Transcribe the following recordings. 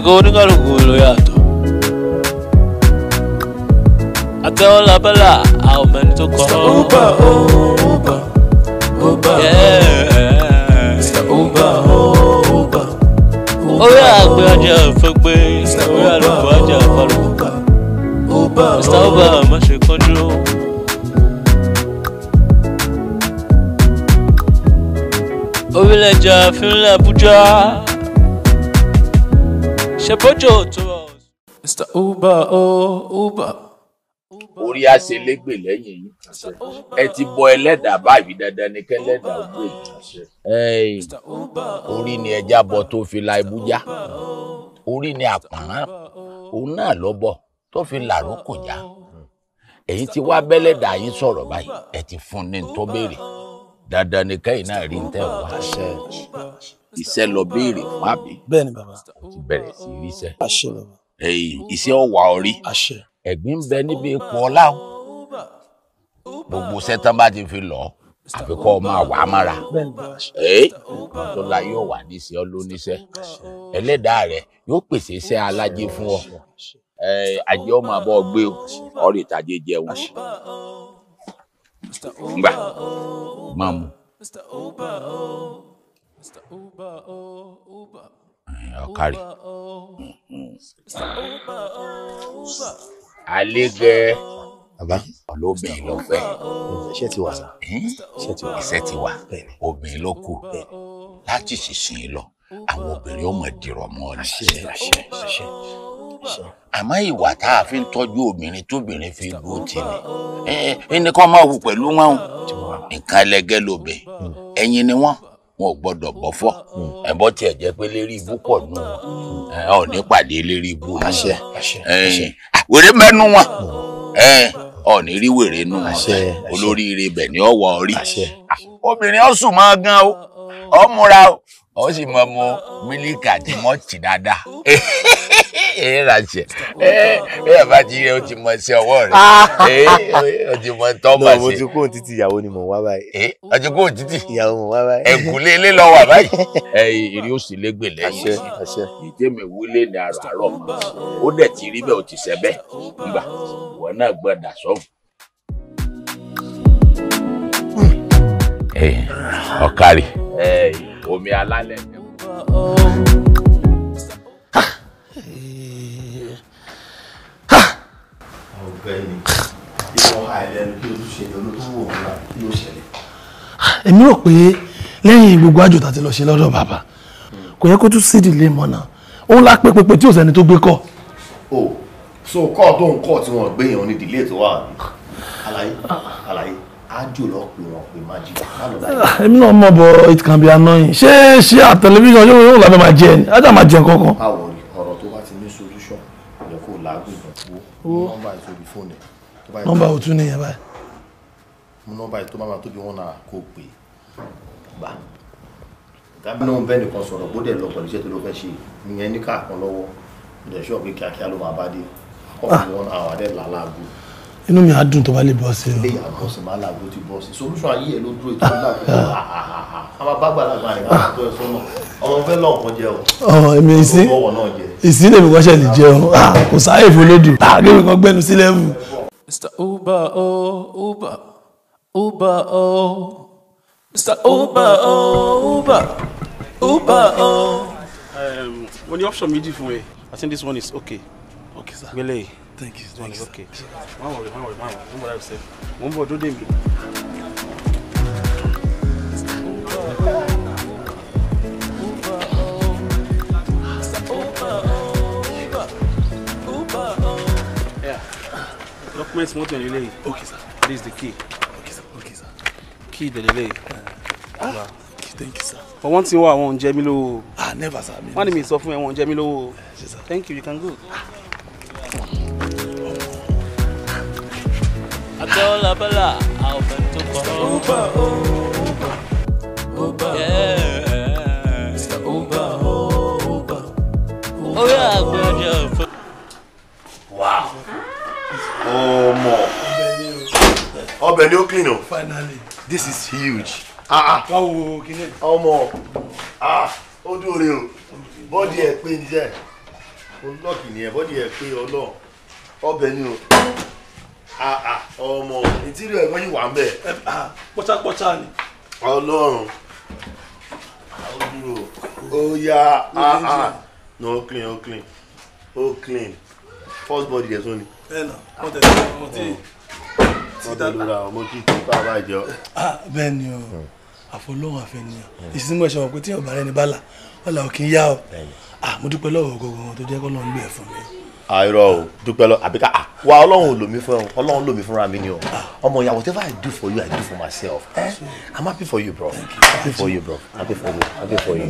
àsìkò oníkàlùkù ló yàtọ̀ àtẹ̀wọ́n labẹ́là a ò mẹ́ni tó kọ́. uber o uber uber o uber o uber. orí àgbẹ̀ ajá fẹ́ gbé orí àlùkò ajá fọlọ́. mr uber má ṣe kánjú. orílẹ̀-èdè àfihàn Abuja ṣe Mr Uber o oh, Uber. orí àṣelégbè lẹ́yìn yìí ẹ ti bọ ẹlẹ́dàá báyìí dandan ní kẹ́lẹ́dàá gbé oh, orí ni ẹja bọ tó fi la ibújá oh. orí ni àpárán òun náà lọ bọ tó fi làró kò já ẹ̀yin ti wá bẹ́lẹ́dàá yín sọ̀rọ̀ báyìí ẹ ti fún ní tó béèrè dandan ní kẹ́yìn náà rí ní tẹ́ wá. Ise lọ béèrè fún àbí. o ti bẹ̀rẹ̀ sí í ríṣẹ́. àṣẹ bàbá. ẹyìn ọwà orí. àṣẹ. Ẹgbin bẹ níbi ipò ọlá o. gbogbo iṣẹ́ ti fi lọ àfi kọ́ ọmọ àwà mára. ẹ tó la yóò wà ẹlẹ́dàá rẹ yóò pèsè iṣẹ alájẹ fún ọ. ọmọ àbọ̀ gbé o jẹun. ngbà Mr. ọkàrí alégẹ baba olóbìnrin ló fẹ́ oh. iṣẹ́ ti wà iṣẹ́ ti wà iṣẹ́ ti oh. wà obìnrin ló kù oh. láti ṣìṣìn lọ àwọn obìnrin ó mọ dìrọ̀ mọ́ ọ ní àmọ́ ìwà tá a fi ń tọ́jú obìnrin tóbìnrin fi dúró tì ní ẹnì máa wù pẹ̀lú wọn nǹkan ẹlẹgẹ́ lóbìn ẹ̀yin ni wọ́n. wọn ò gbọ́dọ̀ bọ́ fọ́ ẹ̀bọ́ tiẹ̀ jẹ́ pé lérí ibú pọ̀ nù ọ ní pàdé lérí ibú àṣẹ wèrè mẹ́nu wọn ọ ní rí wèrè nù wọn olórí olóríire bẹ̀ ni ọ̀wọ́ rí obìnrin ọ̀sùn máa gan o ọ̀múra o. ó sì mọ mu oh, oh. mílíkì àti mọ́ọ̀tì dáadáa èyí ra ṣe oh, ẹ ẹ bá ti rí o ti mọ sí ọwọ́ rẹ ah. ẹ o ti mọ tọ́mọ̀ sí. mo ti kó títí ìyàwó ni mò ń wá báyìí. ẹ o ti kó títí. ìyàwó mò ń wá báyìí. ẹ̀kúnlé ilé lọ wà báyìí. ẹ ìrì òsì lẹ́gbẹ̀ lẹ́yìn. ìjẹ́mi wílé ni àrò àrò ó dẹ̀ ti rí bẹ́ẹ̀ o ti ṣẹ́ bẹ́ẹ̀ ngbà ìwọ náà gbọ́dọ̀ sọ́ọ̀bù. Hmm. ọ̀kárì. ẹ̀ẹ́ omi alálẹ̀. ọ̀gbẹ́ni ìwọ àìlẹ́nu kí o tún ṣe ìdánwò tó wò wọn kí ló ṣẹlẹ̀. èmi rò pé lẹ́yìn gbogbo àjò tàti lọ ṣe lọ́dọ̀ bàbá kò yẹ kó tún sídìí lè mọ̀ náà òun la pé pépé tí ò sẹ́ni tó gbé kọ́. o oh, so kọ́ tó ń kọ́ tí wọ́n gbé yẹn ní ìdílé tó wà ní àlàyé ájò lọ pè wọn pé má jí ah, èmi náà mọ̀ bọ̀ it can be annoying ṣé ṣé à tẹlifíṣàn yóò yóò lábẹ́ máa jẹ ẹni ájà máa jẹ nǹkan kan. báwo ni ọ̀rọ̀ to bá ti ní solution ìyẹn kò láàgbé ìbọn nọ́mbà ìtòbí fóònù ẹ̀. nọ́mbà òtún nìyẹn báyìí. nọ́mbà ìtò máa to wọn náà kó pè gbà. gámìnà ń bẹ́ nìkan sọ̀rọ̀ bóde lọ pẹ̀lú iṣẹ́ tó ló fẹ́ ṣe ìyẹn ní káàkan lọ́wọ́ ìdẹ̀ṣọ́ pé kíákíá ló máa bá dé ọkùnrin ah. wọn àwọn àdẹ́ làlágùn inú mi á dùn tó bá lè bọ́ sí i. ilé ìyàwó bọ́ọ̀sì máa làwọn ti bọ́ọ̀sì solution ayé ẹ̀ ló dúró ìtọ́jú láàbù àwọn abágbàlagbà rẹ̀ máa tó ẹ sọ́nà ọmọ fẹ́ lọ́ọ̀ kan o. ọmọ èmi ìsín ìsín lèmi kọ́ṣẹ́ lè jẹun kò sáyè ìfọlódù lèmi kan gbẹnu sí lẹ́wù. Mr. Uber o oh, Uber Uber o oh. Mr. Uber o oh, Uber Uber o. mo ní option méjì fún ẹ I think this one is okay. okay sir. gbélé Thank you. Thanks. It's okay. One more, one more, one more. Don't worry yourself. Mo ń bọ̀ dóde mi. Documents mọ́tò Okay sir. This is the key. Okay sir. Okay sir. Key the yìí. Ah. Wow thank you sir. for one thing wa àwọn oúnjẹ mi lówó. ah never sir. One of me sọ fún ẹ wọn oúnjẹ mi lówó. thank you you can go. Ah. dollar bala I'll bend to for Uber Uber Uber Yeah Mr. Uber Uber Uber, Oh yeah gbọ́dọ̀. Wow ah. ọmọ ọbẹ̀ ni ó clean o finally this is huge ah ah, ah, ah. ọmọ ah ó dúró o bọ́dì ẹ̀ pé níjẹ́ olùlọ́ọ̀kì nìyẹn bọ́dì ẹ̀ pé ọlọ́ọ̀ ọbẹ̀ ni o ah ah ọmọ ìtìrì ẹ̀gbọ́n yìí wà ń bẹ̀. Ah, pọ́tàpọ́tà ni. ọlọ́run ó dúró ó yá áá ah, ah. no clean ó clean ó clean first body yẹn tó ni. ẹ nà wọ́n tẹ̀lé ọmọ tí tí dáadáa. wọ́n tẹ̀lé ọmọ tí tí bá bá jẹ. bẹ́ẹ̀ ni o mm. àfọlọ́wọ́n àfẹnìyàn mm. ìsinmi ẹ̀ṣọ́ wọn pé tí ọ̀bàrẹ́ ni bá là wọ́n là ó kì í yá o àmọ́ dúpẹ́ lọ́wọ́ gbogbo wọn tó jẹ́ kọ́ lọ́n gbé ẹ̀ fún mi àìrọ ah, o dúpẹ́ lọ àbíká à ah, wà ọlọ́run lò mí fún ẹ ọlọ́run lò mí fúnra mi ni o ọmọ ìyá whatever I do for you I do for myself eh? I'm happy for you bro happy for you bro happy for you happy for you.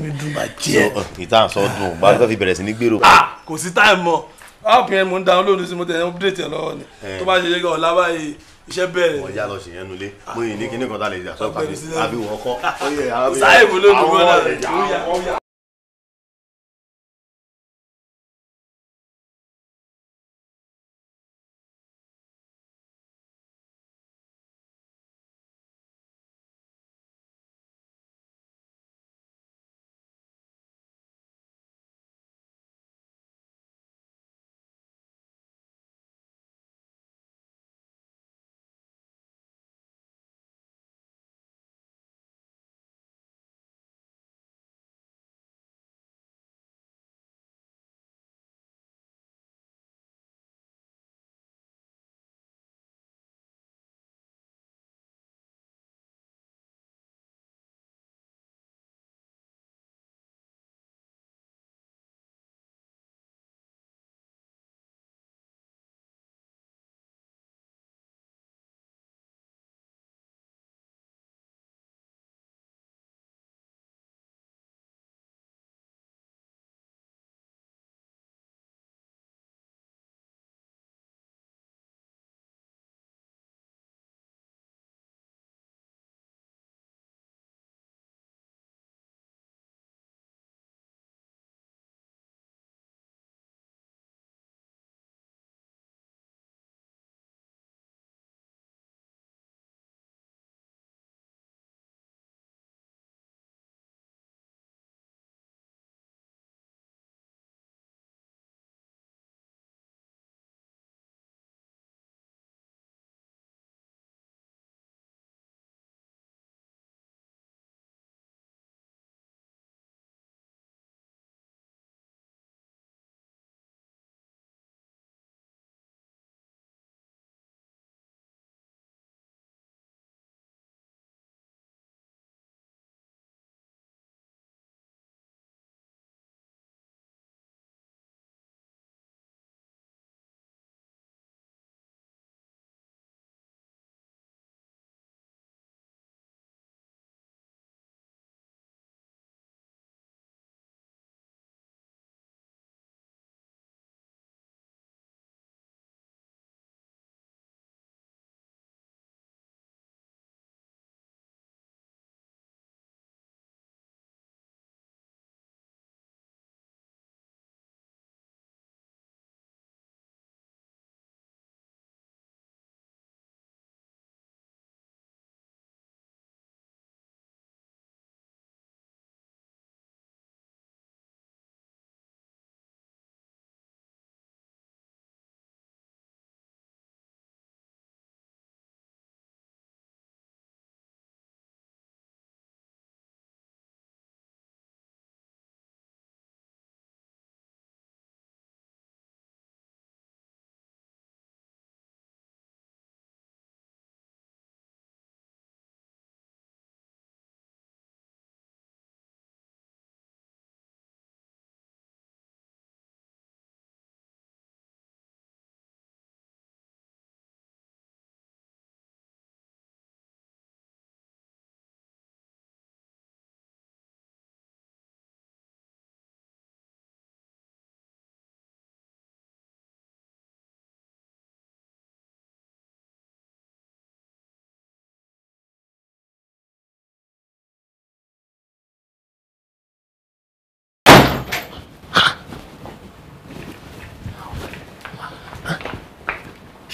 so uh, ìtàn sọ dùn báwo ló fi bẹ̀rẹ̀ sí ní gbèrò. Ah, kò sí táì mọ áàpù yẹn mò ń dáwọn lónìí sí mo tẹ̀yẹ update yẹn lọ́wọ́ ni eh. tó bá ṣe yẹ kí ọ̀la báyìí iṣẹ́ bẹ̀rẹ̀. wọ́n yá lọ sí yẹn nulẹ̀ mo yìí ní kíní kan tá a lè jà sọ́kàbí àbí wọ́n kọ́. sáyẹ̀ mo ló dùn mọ́ náà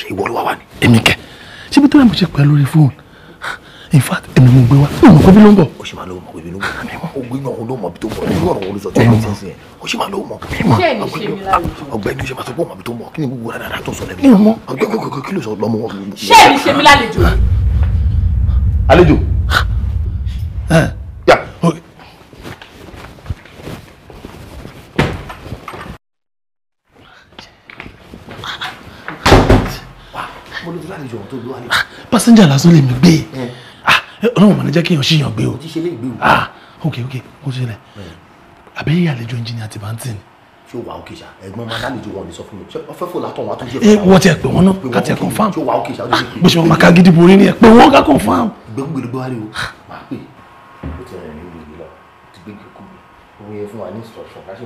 ṣe ìwọ ló wà wá ni. èmi kẹ síbi tó yẹ mo ṣe pẹ lórí fóònù in fact èmi mo gbé wa ó mọ kóbi ló ń bọ. o ṣì máa lówó mọ kóbi ló ń bọ àmì wọn o gbé náà ló mọ bí tó mọ ìlú ọ̀rọ̀ wọn ló sọ tí wọn ti sìn yẹn o ṣì máa lówó mọ. ọ̀gbẹ́ni ṣe máa sọ pé òun àbí tó mọ kí ni gbogbo rárá tó sọ lẹbi. ọ̀gbẹ́ni kí ló sọ lọmọ wọn. ṣé èmi ṣe mi lálejò. àlejò. pásẹ́njà lásán lèmi gbé hmm. ah, ọlọ́run mọ̀lẹ́ jẹ́ kí èèyàn ṣìyàn gbé o ah ok ok ó ti ṣẹlẹ̀ hmm. àbí àlejò ẹnjìnìà ti bá ń tì ní. ṣé o wà òkè ṣá ẹ̀gbọ́n máa lálejò wọn ò ní sọ fún mi ṣé ọfẹ fò látọ wọn á tún jẹ. ee eh, wọ́n ti ẹ̀ pé wọ́n náà ká ti confam ṣé o wà òkè ṣá. Ah, bó ṣe wọn máa gidi borí ni ẹ pé wọ́n ká confam. gbẹgbẹgbẹ wa ni o máa pè ó ti rẹ̀ ní ìlú lọ ti gbé kíkú mi òun yẹn fún wa ní instruction ká ṣe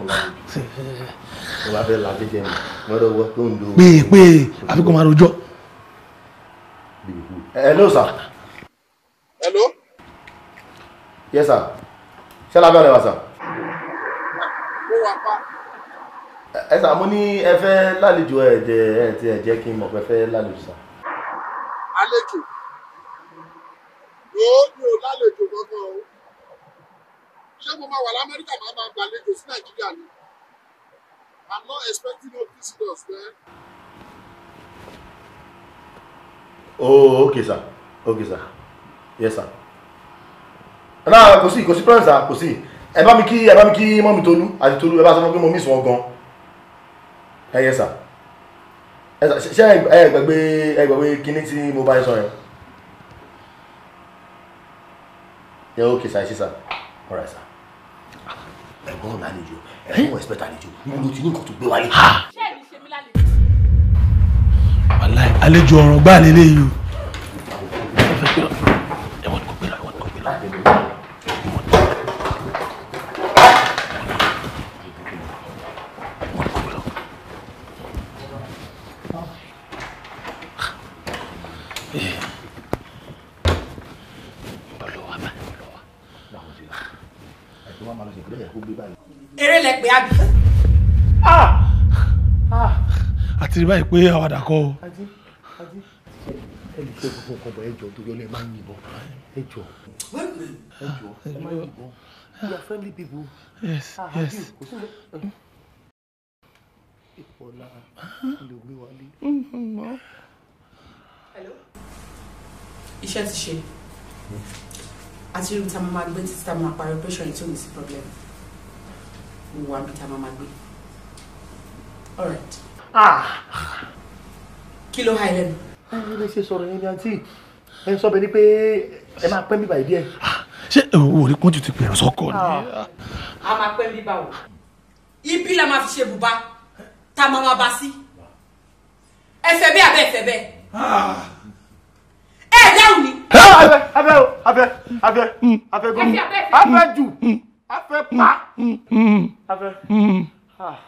mo bá fẹ́ hello sir. hello. yes sir ṣé lábẹ́rẹ́ wa sir. mo wà pa. ẹ sà mo ní ẹ fẹ́ lálejò ẹ jẹ ẹ ti ẹ jẹ́ kí n mọ̀ pé fẹ́ lálejò sà. àlejò yóò ní o lálejò kankan o ṣé mo máa wà lamẹ́ríkà máa máa gbàlejò sí nàìjíríà ni i'm not expecting no visitors there. oh okay sir okay sir yes sir náà kò sí kò sí problem sir kò sí ẹ bá mi kí ẹ bá mi kí mọ́mi tolú àti tolú ẹ bá sọ fún pé mo miss wọn gan ẹ yes sir ṣe ẹ gbàgbé ẹ gbàgbé kíní tí mo bá yín sọ yẹn yẹ ok sir ṣe sir alright sir ẹ̀gbọ́n ọ̀la àlejò ẹ̀gbọ́n expect àlejò mo lo ti ní nǹkan tó gbé wálé. ṣé ẹ̀mí ṣe mí lálejò. wàhálà àlejò ọ̀ràn gbá lélẹ̀ yìí eré lẹ pé ah! ah! ah! pé àwàdà kọ́ o ṣé gbogbo nǹkan bọ̀ ẹjọ́ tó yọlé máa ń yìnbọn ẹjọ́ ẹjọ́ ẹ máa yìnbọn you are friendly people. yes ah, yes. ìfọ̀lá ah. lè gbé wálé. iṣẹ́ ti ṣe àti irú ta ma ma gbé títí ta ma parí operation yìí tó ní sí problem mo wà níbi ta ma gbé all right. ah. kí ló ha ẹ lẹ́nu ẹ ẹ ṣe sọ̀rọ̀ yẹn ni àǹtí ẹ sọ bẹ́ẹ̀ ni pé ẹ máa pẹ́ bíbà ìdí ẹ. ṣé òwò rí pọ́njú ti pèrò sọ́kọ ni. Ah. a máa pẹ́ bíbà o ibi la máa fi ṣe bùbá tá a máa máa bá sí ẹfẹ bẹ́ẹ̀ abẹ́ ẹfẹ bẹ́ẹ̀ ẹ dáhùn ni. abẹ abẹ abẹ abẹ abẹ gómìn abẹ jù abẹ pa mm, mm, mm, abẹ. Ah.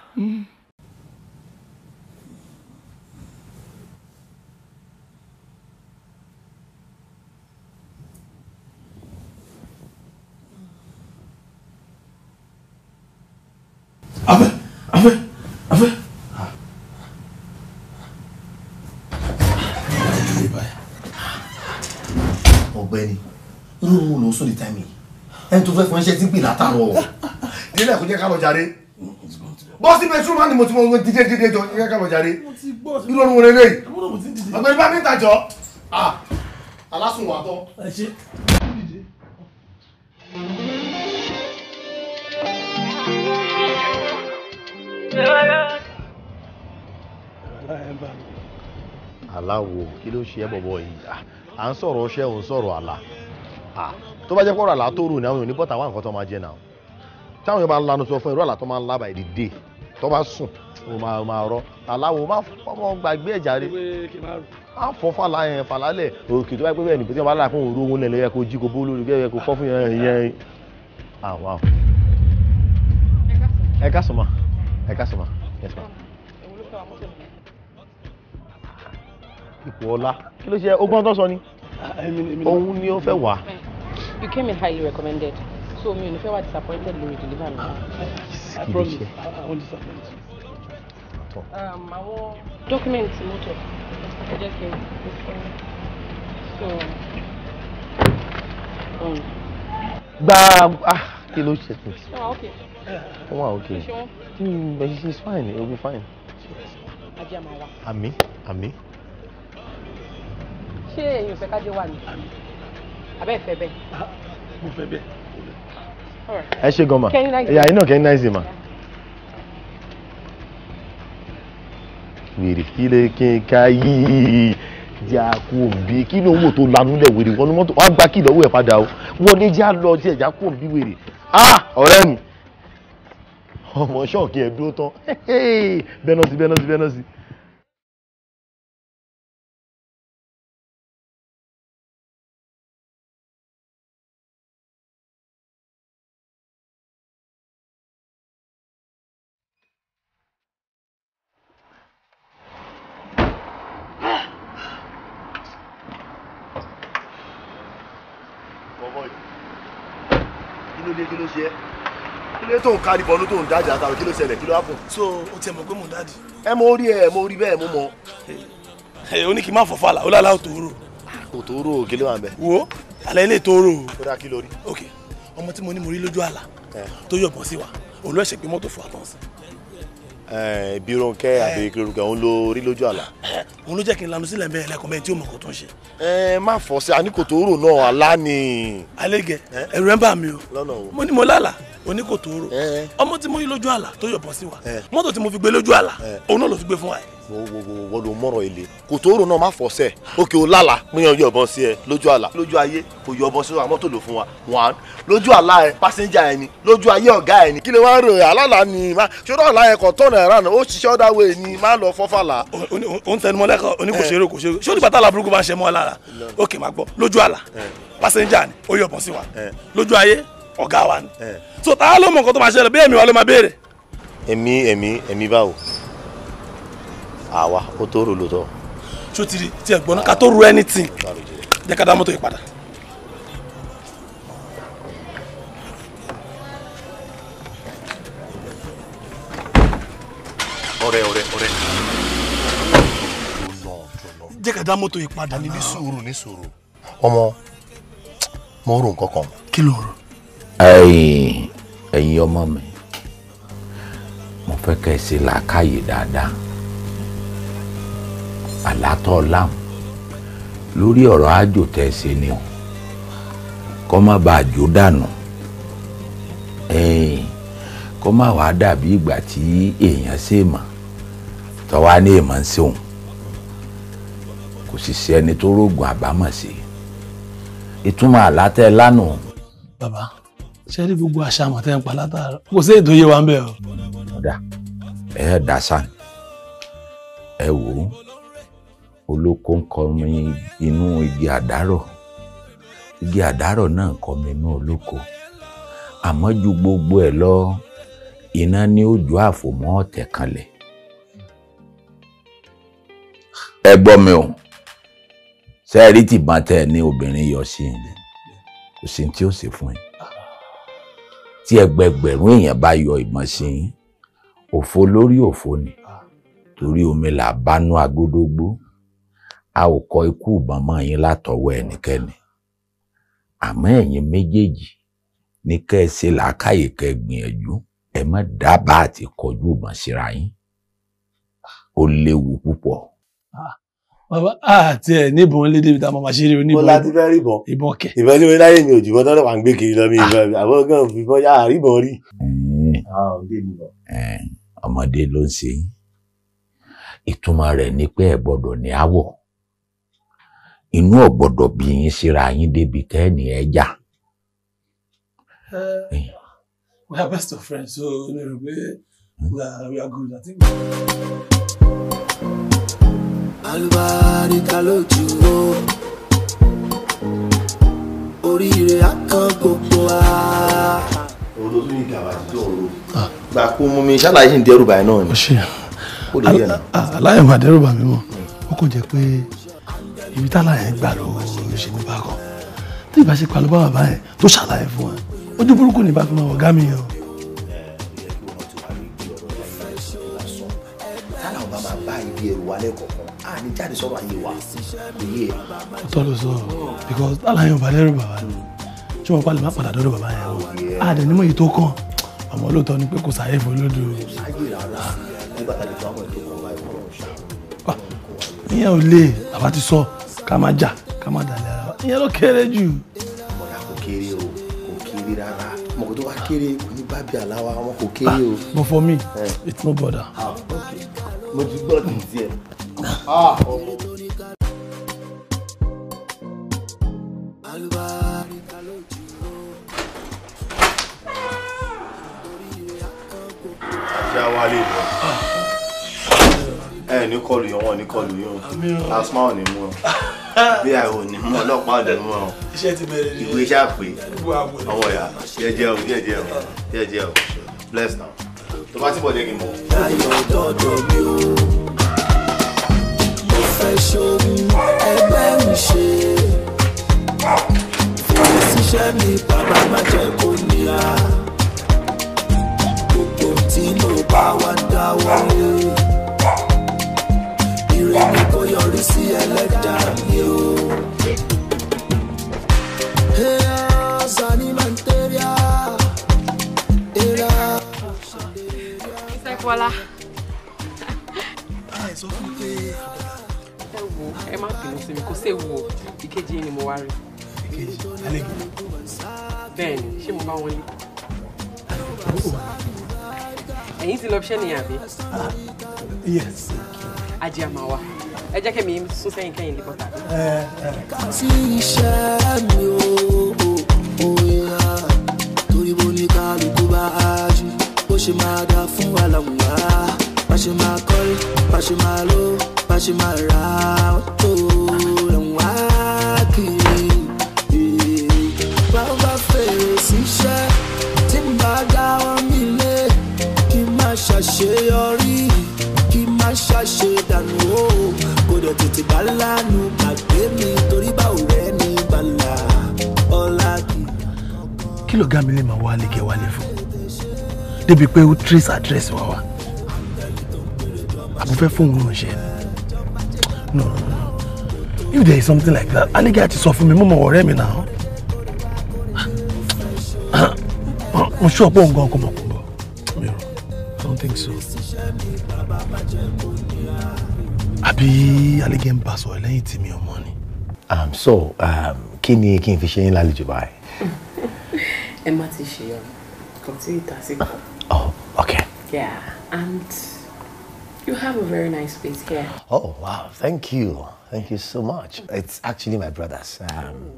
Abẹ abẹ abẹ. Ọ̀gbẹ́ni irú òun ló ń sọ ní táìmì yìí ẹni tó fẹ́ fún ẹṣẹ́ tí ń pè látàrọ̀ ọ̀ délẹ̀ kò jẹ́ ká lọ jàre bọ́sì bẹ́túrú máa ní mo ti mọ dídé dídé jọ jẹ́ ká lọ jàre kí ló ń wọlé lé Ọ̀gbẹ́ni bá mi ń tàjọ́ ah, alásùnwàtọ́. aláwo kí ló ṣe ẹ bọ̀bọ̀ yìí à ń sọ̀rọ̀ ọṣẹ́ ò ń sọ̀rọ̀ àlà tó bá jẹ́ pọ̀rọ̀ àlà tó rò ní àwọn èèyàn ní bọ́tà wà nǹkan tó máa jẹ náà táwọn èèyàn bá ń lanu sọ fún irú àlà tó máa ń lábàá èdè dé tó bá sùn ó máa rọ aláwo má fọmọ gbàgbé ẹ̀já rẹ á fọ fàlà yẹn fàlà lẹ̀ òkè tó bá pẹ́ bẹ́ẹ̀ nìkan tí wọ́n bá là fún òru òun lẹ̀ kó jí kó bó lórí bẹ́ẹ̀ kó fọ́ fún yẹn yẹn. ẹ ká sọ ma ẹ ká sọmọ ẹ ipò ọlá kí ló ṣe ọgbọ́n tó sọ ni òun ni ó fẹ́ wà. you came in highly recommended so mi ò ní fẹ́ wá disappointed lórí deliver mi. i promise i won't disappoint um, àwọn dọ́kúmẹ̀ntì mọ́tò ẹ jẹ́ kí n so. Um. gba. Um, ah Okay. ló ṣe tún. ó wà okay. ó wà okay. Hmm, but she's fine it will be fine. Ami. Ami. wá. àmì àmì. ṣé èèyàn fẹ́ kájọ wà ní. abẹ́ ìfẹ́ bẹ́ẹ̀. mo fẹ́ bẹ́ẹ̀. ẹ ṣe gan ma ẹ̀yà iná kẹ́hìn náà ṣe ma. wèrè kí lè kí n ká yìí jẹ́ àkó òbí kí ló ń wò tó lanú lẹ̀ wèrè wọnú mọ́tò wọ́n á gba kí ìdánwò ẹ̀ padà o wọlé jẹ́ àlọ́ jẹ́ ìjà kó wèrè Ah! ọ̀rẹ́ mi ọmọ ṣọ́ọ̀kì ẹ̀ dúró tán bẹ́nà sí bẹ́nà sí bẹ́nà sí. kárí bọ́ọ̀lù tó ń dájà àtàwọn kí ló ṣẹlẹ̀ kí ló hàpọ̀. so o tiẹ̀ mọ̀ pé mò ń dáàdì. ẹ mo rí ẹ mo rí bẹ́ẹ̀ mo mọ̀. ẹ o ní kí n má fọ fàlà o lálá òtòrò. Ah, òtòrò kí ló wà ń bẹ. wo alẹ́ ilé ìtòrò. ó dá kí lórí. ok ọmọ tí mo ní mo rí lójú àlà eh. tó yọ̀bọ̀ sí wa òun ló ẹ̀ṣẹ̀ pé mọ́tò fún àtọ́sí. Eh, bí Rónkẹ́ eh. àbí kirorúkẹ́ òun ló rí lójú àlà. òun ló jẹ́ kí n lanu sílẹ̀ mẹ́rin lẹ́kọ̀ọ́ mẹ́rin tí ó mọ̀ kó tó ń ṣe. ẹ má fọ sí àníkò tó rò oníkòtòrò ọmọ tí mo yí lójú àlà tó yọ̀bọ̀ sí wa mọ́tò tí mo fi gbé lójú àlà òun náà ló fi gbé fún wa wo ló mọ̀rọ̀ ilé kòtòrò náà má fọ́ sẹ́ òkè o lálàá pínyàn yọ̀bọ̀n sí ẹ lójú àlá lójú ayé kò yọ̀bọ̀n sí àmọ́ tó lò fún wa one lójú àlá ẹ pásẹ́njà ẹ ni lójú ayé ọ̀gá ẹ ni kí ló wá ń rò àlálà ni Ma. ṣọ́dọ̀ àlá ẹ kò tọ̀nà ẹ̀rá ni ó ṣiṣẹ́ ọ̀dà wẹ̀ ni má lọ fọ́fàlà. o ń tẹnu mọ́ lẹ́kọ̀ọ́ oníkòṣeré kòṣeré ṣé onígbàtà làbúrúkú bá ń ṣe mọ́ ọ lára ókè má gbọ́ lójú àlá pásẹ́njà ni ó yọ̀bọ̀n sí ọ̀gá wa ni so a ló mọ nǹkan tó máa ṣẹlẹ̀ bí èmi wa ló máa béèrè. èmi èmi èmi báwo àwa ó tó rò lóòótọ́. ṣó ti rí tí gbọ́n ká tó ru anything jẹ́ ká dá mọ́tò yìí padà. ọ̀rẹ́ ọ̀rẹ́ ọ̀rẹ́ jẹ́ ká dá mọ́tò yìí padà ní sùúrù ní sùúrù. ọmọ mo rò nǹkan kan. kí ló rò ẹ̀yin ọmọ mi mo fẹ́ kẹ́ ẹ ṣe làákàyè dáadáa àlátọ́ láwọn lórí ọ̀rọ̀ àjò tẹ́ ṣe ni o kọ́ má ba àjò dànù kọ́ má wàá dàbí ìgbà tí èèyàn ṣe mọ̀ tọ́wá ní èèmọ̀ ń ṣeun kò sì ṣe ẹni tó rògùn àbámọ̀ sí ìtumọ̀ àlátẹ́ lánàá. bàbá ṣe rí gbogbo àṣà àmọ̀tẹ́ ń pa látàárọ̀ kò sí ètò yé wa ń bẹ̀ o. ọ̀dà ẹ ẹ̀ dá sáà ẹ wò ó olóko ń kọmi inú igi àdárọ̀ igi àdárọ̀ náà ń kọmi inú olóko àmọ́ ju gbogbo ẹ̀ lọ iná ní ojú àfòmọ́ ọ̀tẹ̀ kanlẹ̀ ẹ gbọ́ mi o ṣe é rí tìbọn tẹ ẹ ní obìnrin yọ sí i kò sí ní tí ó ṣe fún yín tí ẹgbẹgbẹ̀rún èèyàn bá yọ ìbọn òfo lórí òfo ni torí omi là bá nú agbódógbó a ò kọ ikú ìbọn mọ́ yín látọwọ́ ẹnikẹ́ni àmọ́ ẹ̀yin méjèèjì ní kẹ́ ẹ ṣe làákàyè kẹ́ ẹ gbìyànjú ẹ má dábàá àti kọjú ìbọn síra yín ó léwu púpọ̀. Ah bàbá àti ẹ̀ níbọn lédè mi ta mọ̀ máa ṣe eré oníbọn. bọ́lá ti fẹ́ ríbọn ìbọn kẹ̀. ìbọn ní orílẹ̀ èmi ò jù bọ́n tọ́lọ́pàá ń gbé kiri lọ mi ah. ìbọn àbọ̀ gan ìbọn yá àríbọn rí. Eh. Ah, eh, ọmọdé ló ń ṣe yín ìtumọ̀ rẹ̀ ni pé ẹ̀ gbọ́dọ̀ ní àwọ̀ inú ò gbọ́dọ̀ bí yín síra yín débi tẹ́ẹ̀nì ẹ̀ já. Eh, we are best of friends so hmm? we are good at it àlùbáríkà lójú o oríire á kan gbogbo wa. ọ̀rọ̀ tó ní gàbà tí kó mú mi ṣàlàyé ń dẹ́rù báyìí náà ni. ó lè yẹ náà. aláyọ̀ máa dẹ́rù bà mí mọ̀ ó kò jẹ́ pé ibi tálà gbà ló ṣe ní bákan tí ìbáṣepọ̀ alúbáwá báyẹn tó ṣàlàyé fún wa ojú burúkú ni ìbá fi máa wọ̀ gá yẹn o. di èrò wa lẹ́kọ̀ọ̀kan a ní jáde sọ̀rọ̀ ayé wa òye ẹ̀. ọ̀tọ̀ ló sọ because aláyọ̀ bá lẹ́rù bàbá ni ṣé wọn pàlẹ́ má padà dọ́dọ̀ bàbá yẹn o a dẹ̀ nímọ̀ èyí tó kàn àmọ́ lóòótọ́ ni pé kò sáyé fún olódò. Ah, ìyẹn ò lè bàbá ti sọ ká má jà ká má dàlẹ́ ara ìyẹn ló kéré jù. ọ̀rẹ́ kò kéré o kò kéré rárá ọmọkùnrin tó wá kéré ní bá bí ọmọ kò kéré ah, o. but for me it's no bother. Ah, mo ti gbọ́ ti tiẹ̀. Ṣáwálé ah, bọ̀. Ẹ ní kọlù yẹn wọn ní kọlù yẹn o. Asma ò ní mú ọ. Bí àìwò ní mú ọlọ́pàá ò ní mú ọ. Iṣẹ́ ti bẹ̀rẹ̀ Ọmọ ìyá jẹ́jẹ́ o jẹ́jẹ́ o jẹ́jẹ́ o bless now tó bá ti bọ̀ jẹ́ kí n mọ̀. ayọ̀ dọ́dọ̀ mi o mo fẹ́ ṣohun ẹgbẹ́ mi ṣe fi ṣiṣẹ́ mi padà má jẹ́ kó nira gbogbo tí ló bá wá dáwọ́lé ire ni kó yọrí sí ẹlẹ́dàá mi o. Yeah. Bọ́lá. ẹ sọ fún mi pé. ẹ wo ẹ má bínú sí mi kò sí ewu o ìkejì yìí ni mo wá rí. ìkejì àlejò. bẹ́ẹ̀ ni ṣé mo bá wọn lé. ẹ̀yin ti lọ bí iṣẹ́ nìyẹn àbí. yes. ajé a máa wá ẹ jẹ́ kẹ́mi sún sẹ́yìn kẹ́yìn lè bọ́ta. sí iṣẹ́ mi ò òyà torí mo ní kálukú bá a jù ṣe máa ga fún wa làwọn wá bá ṣe máa kọ́lé bá ṣe máa lò bá ṣe máa ra tó ẹ̀wọ̀n wá kiri. báwo bá fèrè síṣẹ́ tí n bá dáwọ́ mi lé kí n má ṣàṣeyọrí kí n má ṣàṣedànù o kò dẹ̀ tètè bá lánàá gbàgbé mi torí báwo rẹ̀ ní balà ọ̀la kì í. kí ló gá mi lè máa wá lè kẹ́ wálé fún débi pé ó trace address wa wa àbúfẹ́ fóònù náà ṣe no if there is something like that anigba ti sọ fún mi mo mọ ọ̀rẹ́ mi náà mo ṣú ọ̀pọ̀ nǹkan ọkọ̀ mọ̀kùnbọ̀ mi ò i don't think so àbí anigba ń bá sọ̀rọ̀ lẹ́yìn tí mi ò mọ̀ ni. Um, so um, kí ni kí n fi ṣe yín lálejò báyìí. ẹ má ti ṣe ọ̀rọ̀ kò tí ì ta sí kan. Okay. Yeah, and you have a very nice place here. Oh, wow. Thank you. Thank you so much. It's actually my brother's. Um,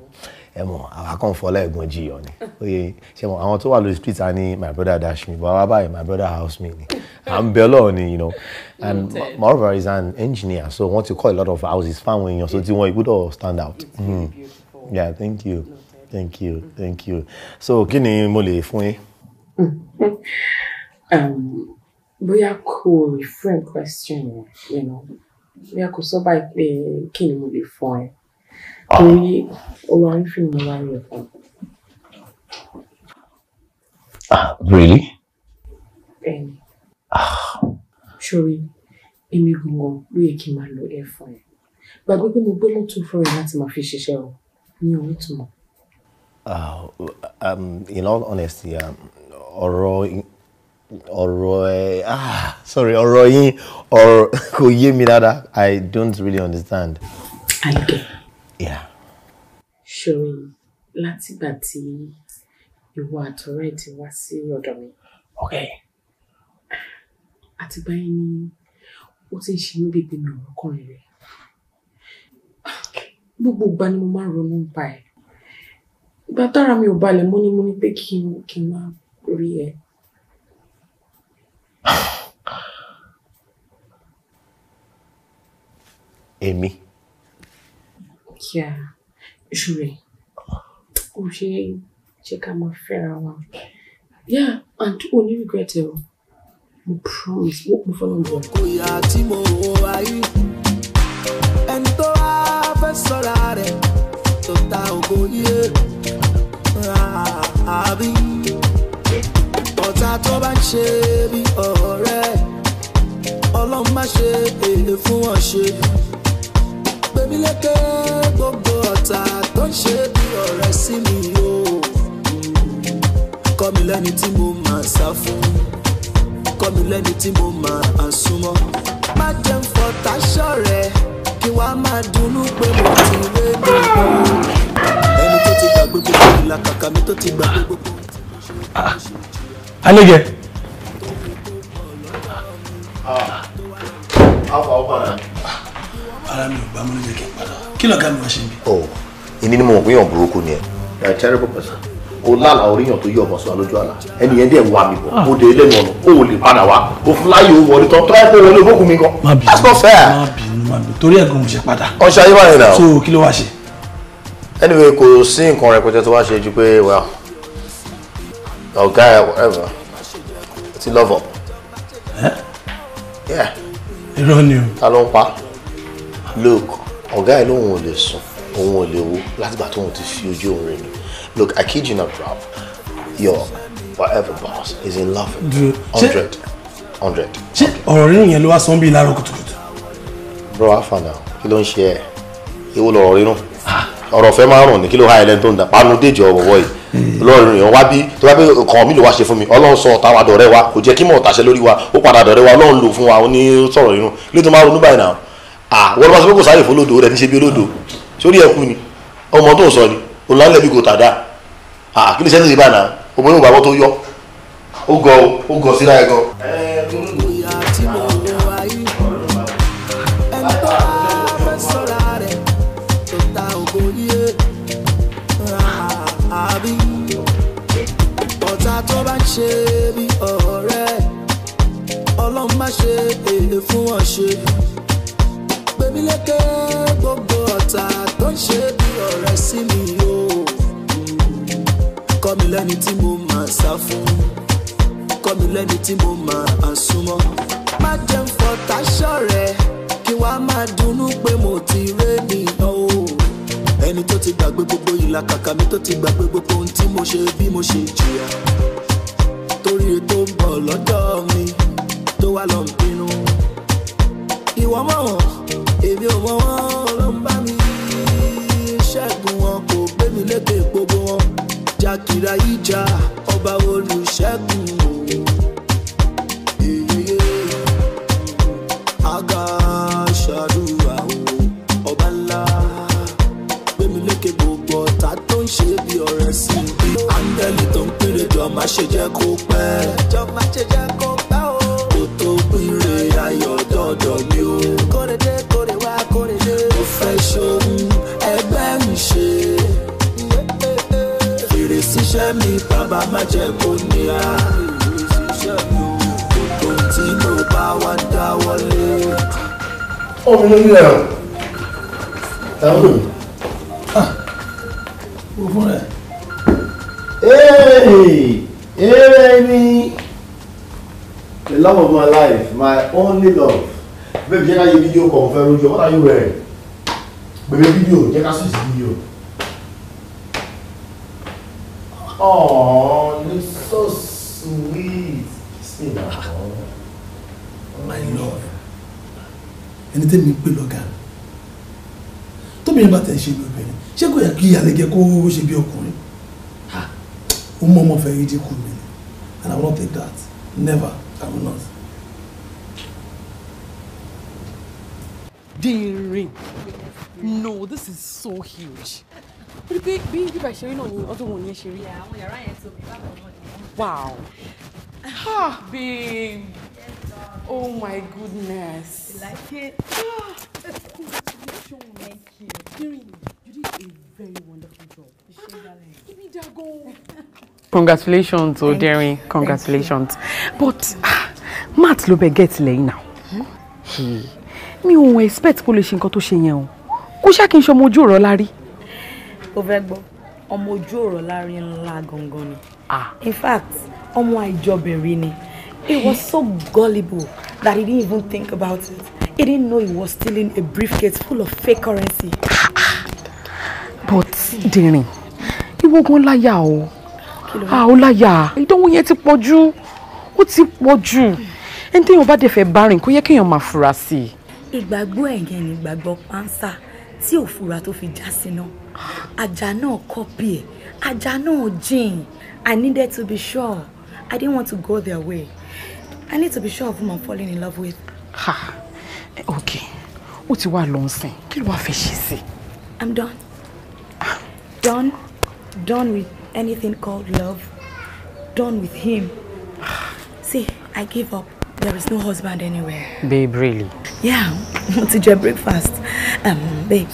ẹ oh. mọ àwọn akọ́nfọlẹ́ ẹ̀gbọ́n jiyàn ni oye ṣe mọ àwọn tó wà lórí street á ní my brother dash me but wá báyìí my brother house me ni à ń ni you know and moreover is an engineer so wọ́n ti call a lot of houses fáwọn èèyàn so tí wọ́n ìgbọ́dọ̀ stand out. Mm. yeah thank you thank you thank you so kí ni mo lè fún yín. um, bóyá kò refrain question yẹn you know bóyá kò sọ báyìí pé kí ni mo lè fún ẹ torí ọwọ́ àwọn fíìmù máa ń lè fún. ah really. bẹ́ẹ̀ni ah. sori èmi gangan ló yẹ kí n máa lo air fún ẹ gbàgbé pé mo gbé mọ́tò fún ẹ láti máa fi ṣiṣẹ́ o ní òun tó ah, um, in all honesty um, ọ̀rọ̀. Um, ọ̀rọ̀ ẹ ah sorry ọ̀rọ̀ yín ọ̀rọ̀ kò yé mi dada. I don't really understand. àìdè ṣòro látìgbà tí ìwọ àtọ̀rẹ́ ti wá sí ọ̀dọ̀ mi. àtìgbà yẹn ni ó ti ń ṣe mí bèbè mi ọ̀rọ̀ kan rẹ̀ gbogbo ìgbà ni mo máa ń ronú nípa ẹ̀ ìgbà tára mi ò balẹ̀ mo pé kí n máa rí ẹ. Èmi. Yeah. Ṣure. Kò ṣe jẹ́ ká máa fẹ́ra wa. Yeah, and o ní regret ẹ o. Mo promise, mo kún fọ́nà bọ̀. Kò yà tí mo wọ ayé. Ẹni tó wá fẹ́ sọ́ra rẹ̀ tó ta ògo yé. Ah, àbí tó bá ń ṣe bí ọ̀rẹ́ ọlọ́run má ṣe èlé fún wọn ṣe gbèmílékè gbogbo ọ̀tá tó ń ṣe bí ọ̀rẹ́ sí mi o kọ́ mi lẹ́ni tí mo máa sá fún kọ́ mi lẹ́ni tí mo máa súnmọ́ má jẹun fọ̀tá ṣọ̀rẹ́ kí wàá máa dunnú pé mo ti wé mi lọ ẹni tó ti gbàgbé gbogbo ìlàkàkà mi tó ti gbàgbé gbogbo. Alege. Ah. Ah, Ara mi ò gbá múlẹ̀ jẹ́ kí n padà. Kí lọ̀gá mi wá ṣe bí? Ọ̀ oh, èmi ni mo mọ̀ pé èèyàn burúkú ni ẹ̀. Ẹ tẹ́rẹ́ bọ̀ pẹ̀sẹ̀. O lálàá oríyàn tó yí ọmọ sọ lójú àlá. Ẹni yẹn dẹ̀ wà mí bọ̀. Mo dé lẹ́nu ọ̀nà. O ò lè padà wá. O fún láyé o wọlé tán. Tọ́lá ẹ̀kọ́ wọlé olókùn mi gan. Má bínú. That's not fair. Má bínú má bínú. Torí ẹ̀gbọ́n mo ṣe padà. Ọṣẹ ayé wà yẹn náà. So kí ló wá ṣe? Anyway kò sí nǹkan rẹpẹtẹ tó wá ṣe ju pé well or guy or whatever ti love up. Yeah, yeah. You ta ló ń pa look ọ̀gá guy, lóun ò lè sùn òun ò lè wo látìgbà tóun ti fi ojú òun rìn look I kid you not bro your whatever boss is in love with hundred hundred. ṣé ọ̀rọ̀ rírun yẹn ló wá sọ́n bí láàárọ̀ kùtùkùtù. bro afa na kí ló ń ṣe ẹ ewu lọ̀rọ̀ rírun. Ah ọ̀rọ̀ fẹ́ máa ń rùn ní kí ló ha ẹlẹ́ni tó ń da panu déjọ ọ̀wọ̀wọ̀ yìí ọlọ́run hmm. èèyàn wá bí tó bá pé ọkàn mi ló wá ṣe fún mi ọlọ́run sọ ọ̀tá wa dọ̀rẹ́ wa kò jẹ́ kí mọ̀ ọ̀tàṣẹ lórí wa ó padà dọ̀rẹ́ wa ọlọ́run lò fún wa ó ní sọ̀rọ̀ inú ilé tó máa ronú báyìí náà à wọ́n bá sọ pé kò sáré fún lódò rẹ̀ ní ṣe bí olódò sórí ẹ̀kú ni ọmọ tó ń sọ ni olùlànà bí kò tàdá à kí ni sẹ́ni ti bá náà ọmọ yóò gbàgbọ́ tó yọ ó gọ ó gọ síra ẹ̀ gan. ṣe bí ọ̀rẹ́ ọlọ́run má ṣe èlé fún wọn ṣe gbèmílékè gbogbo ọ̀tá tó ń ṣe bí ọ̀rẹ́ sí mi o kọ́ mi lẹ́ni tí mo máa sá fún kọ́ mi lẹ́ni tí mo máa súnmọ́ má jẹun fọ̀tá ṣọ̀rẹ́ kí wàá máa dunnú pé mo ti ré nìyàn o ẹni tó ti gbàgbé gbogbo ìlàkàkà mi tó ti gbàgbé gbogbo ohun tí mo ṣe bí mo ṣe jìyà oríire tó ń bọ̀ lọ́jọ́ mi tó wá lọ pinnu. ìwọ mọ̀ wọ́n èmi ò mọ̀ wọ́n ló ń bá mi ṣẹ́gun wọn kò gbé mi lékè gbogbo wọn jákèrè ayíjà ọba olùṣẹ́gun. má ṣe jẹ́ kó pẹ́. ìjọ má ṣe jẹ́ kó pẹ́ o. kó tó pínre ayọ̀ dọ́dọ̀ mi o. kórede kóre wá kórede. mo fẹ́ ṣohun ẹgbẹ́ mi ṣe. fèrè síṣẹ́ mi bàbá má jẹ́ kó níyà. kókó tí mo bá wá dáwọ́lé. ọmọ mi ló ní ẹ̀rọ. ẹ̀rọ love of my life, my only love. Baby, jẹ́ ká yẹ fídíò kan fẹ́ rojú, what are you wearing? Baby, video. jẹ́ ká sùn sí fídíò. Oh, it's so sweet. My love. Ẹni tẹ́mi ń pè lọ́gà. Tóbìnrin bá tẹ̀ ṣe bí obìnrin, ṣé kò yẹ kí àlejò kó ṣe bí ọkùnrin? Ó mọ̀ ọmọ fẹ́ yídí kù mí. And I won't take that. Never. I will No, this is so huge. Bí bí bí bíbá ìṣeré náà ni ọdún wọn yẹn ṣe rí. Àwọn yàrá yẹn tóbi Wow. Ha, babe. Oh my goodness. You like it? Congratulations, thank you. Dìrín, you did a very wonderful job. Ah, give Ibi dàgọ́. congratulations O Oderin congratulations but ah, matt ló bẹ get lẹ́yìn náà mi ò expect kó lè ṣe nǹkan tó ṣe yẹn o kó ṣáà kí n ṣe ọmọ ojú ọ̀rọ̀ lárí. ó fẹ́ gbọ́ ọmọ ojú ọ̀rọ̀ lárí ńlá gangan ni ah. in fact ọmọ àìjọbẹ̀rẹ̀ ni he was so gullible that he didn't even think about it he didn't know he was stealing a briefcase full of fake currency. but Derin ìwọ gan láyà o ah ó láyà ìdánwò yẹn ti pọ̀ jù ó ti pọ̀ jù ẹni téèyàn bá dẹ̀ fẹ́ bá rìn kó yẹ kéèyàn máa fura sí i. ìgbàgbọ́ ẹ̀yẹn ni ìgbàgbọ́ pánsá tí ò fura tó fi já síná ajá náà kọ́pì ẹ̀ ajá náà jìn I needed to be sure I didn't want to go their way I need to be sure of whom I'm falling in love with. ha ok ó ti wá lọ sìn kí ló wàá fẹ́ ṣe sí. I'm done done done with anything called love. Done with him. See, I give up. There is no husband anywhere. Babe, really? Yeah, mo ti jẹ breakfast. Um, babe,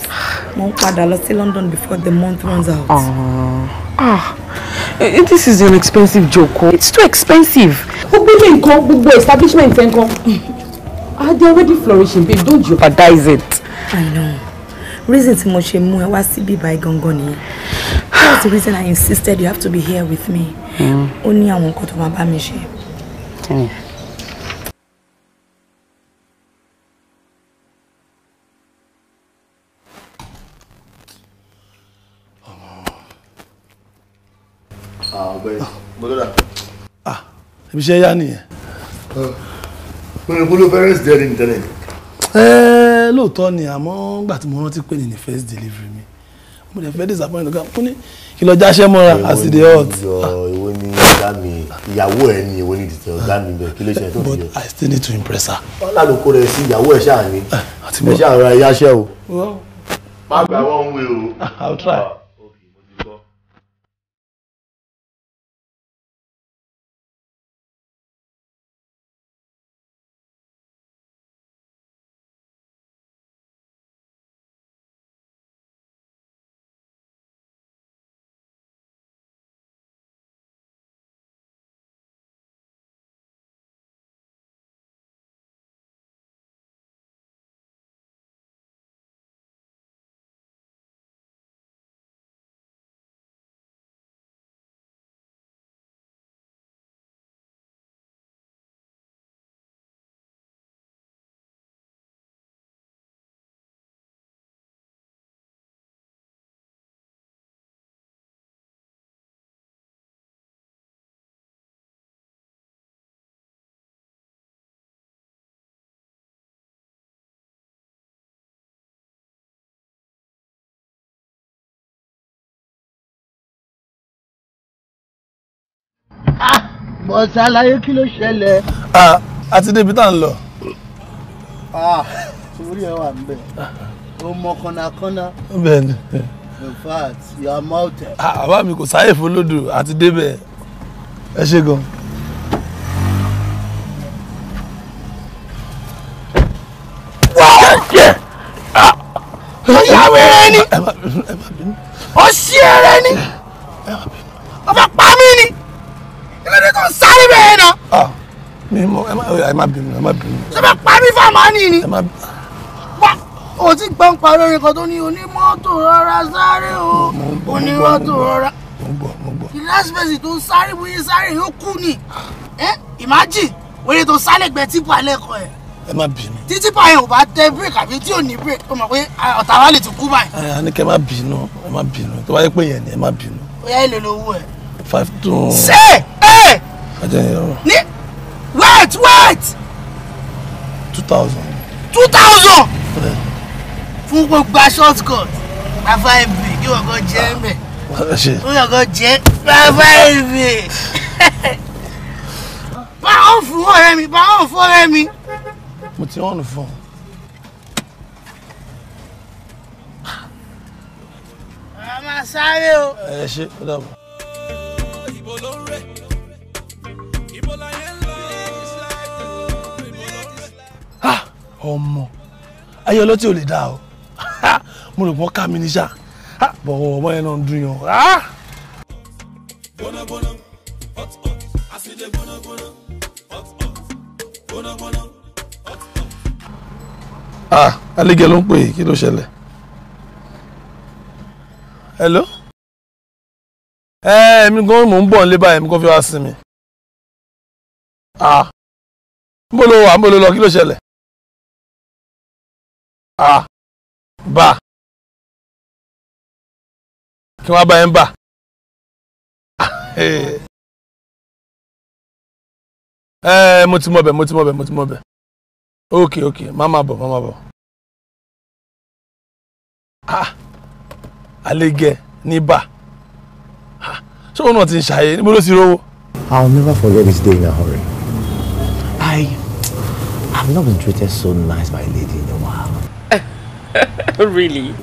mo ń padà lọ London before the month runs out. Uh, ah, uh, this is an expensive joke. Oh. It's too expensive. Who in ilé Who gbogbo establishment in nǹkan. Ah, they're already flourishing, babe. Don't you jeopardize it. I know reason tí mo ṣe mú ẹ wá síbí báyìí gangan nìyẹn that's the reason I insisted you have to be here with me hmm. ó ní àwọn nǹkan tó máa bá mi ṣe. Ah, ah. Ah, ibi iṣẹ́ yá nìyẹn. mo ní kó ló fẹ́rẹ́ sí ẹni tẹ́lẹ̀ lóòótọ́ ni àmọ́ nígbà tí mo rántí pé ní ní first delivery mi mo dẹ̀ fẹ́ disappoint ọ̀gá mo ní kí lọ jáṣẹ́ mọ́ra as e dey hot. ìwọ ni ọ̀gá mi ìyàwó ẹ ni ìwọ ni ìdìtẹ̀ ọ̀gá mi bẹ̀ kí ló ṣe fún mi. but I still need to impress her. wàhálà ló kó rẹ sí ìyàwó ẹ ṣáà ni ah, ẹ ṣáà ra ẹ o. má gbà wọ́n ń o. I will try. Ah. bọ́ ṣàlàyé kí ló ṣẹlẹ̀. àti débi tá à ń lọ. orí ẹ wà ń bẹ o mọ kọnakọna. bẹ́ẹ̀ni. in fact you are àbá mi kò sáyè fọlọ́dù àti débẹ̀ ẹ ṣe gan. ìyàwó eré ni ọba pa mí ni kílódé tó ń sáré bẹ́ẹ̀ náà. Ah, mi mọ ẹ má ẹ má bínú ẹ má bínú. ṣé bá parí fáàmà ni ni. ẹ má bínú. wá o ti gbọ́n parí orin kan tó ní onímọ́tò rọra sáré o onímọ́tò rọra. mo gbọ́ mo gbọ́. ìlàsífẹ̀sì tó ń sáré bóyá sáré yóò kú ni imagine oye tó sálẹ̀ gbẹ tipa lẹ́kọ̀ọ́ ẹ̀. ẹ má bínú. tí tipa yẹn ò bá tẹ break àbí tí ò ní break ó mọ̀ pé ọ̀tá wa lè ti kú báyìí. ẹ ní kẹ́ ẹ má bínú ẹ má bínú tó bá yẹ pé yẹn ni ẹ má bínú. ó yá lówó ẹ five two. ṣe ẹ ní wait wait. two thousand. two thousand. fún gbogbo short cut bàbá ibi kí wọn kàn jẹ mẹ kí wọn kàn jẹ bàbá ibi. bá ọ̀ fún ọ̀rẹ́ mi bá ọ̀ fún ọ̀rẹ́ mi. mo ti hàn fún ọ. sáré o. ẹ ṣe ó dàbọ̀ ibo ló ń rè ibo la yẹn ń lọ ibo ló ń rè. ọmọ ayé ọlọ́tí ò lè dá o mo rò pọ́n ká mi ní sá ọmọ yẹn náà ń dún yan. ah alege ló ń pè kí ló ṣẹlẹ̀ hello ẹ èmi gan mò ń bọ̀ nílé báyìí èmi kan fi wá sí mi. níbo ló wà níbo ló lọ kí ló ṣẹlẹ̀. bà kí wọ́n bá yẹn bà. mo ti mọ̀ bẹ̀ mo ti mọ̀ bẹ̀ mo ti mọ̀ bẹ̀ ok ok má má bọ̀ má má bọ̀. àlejò ní bà ṣé wọn náà ti ń ṣàyè níbo ló ti never forget this day in a hurry. I I've not been treated so nice by a lady in a while. Really?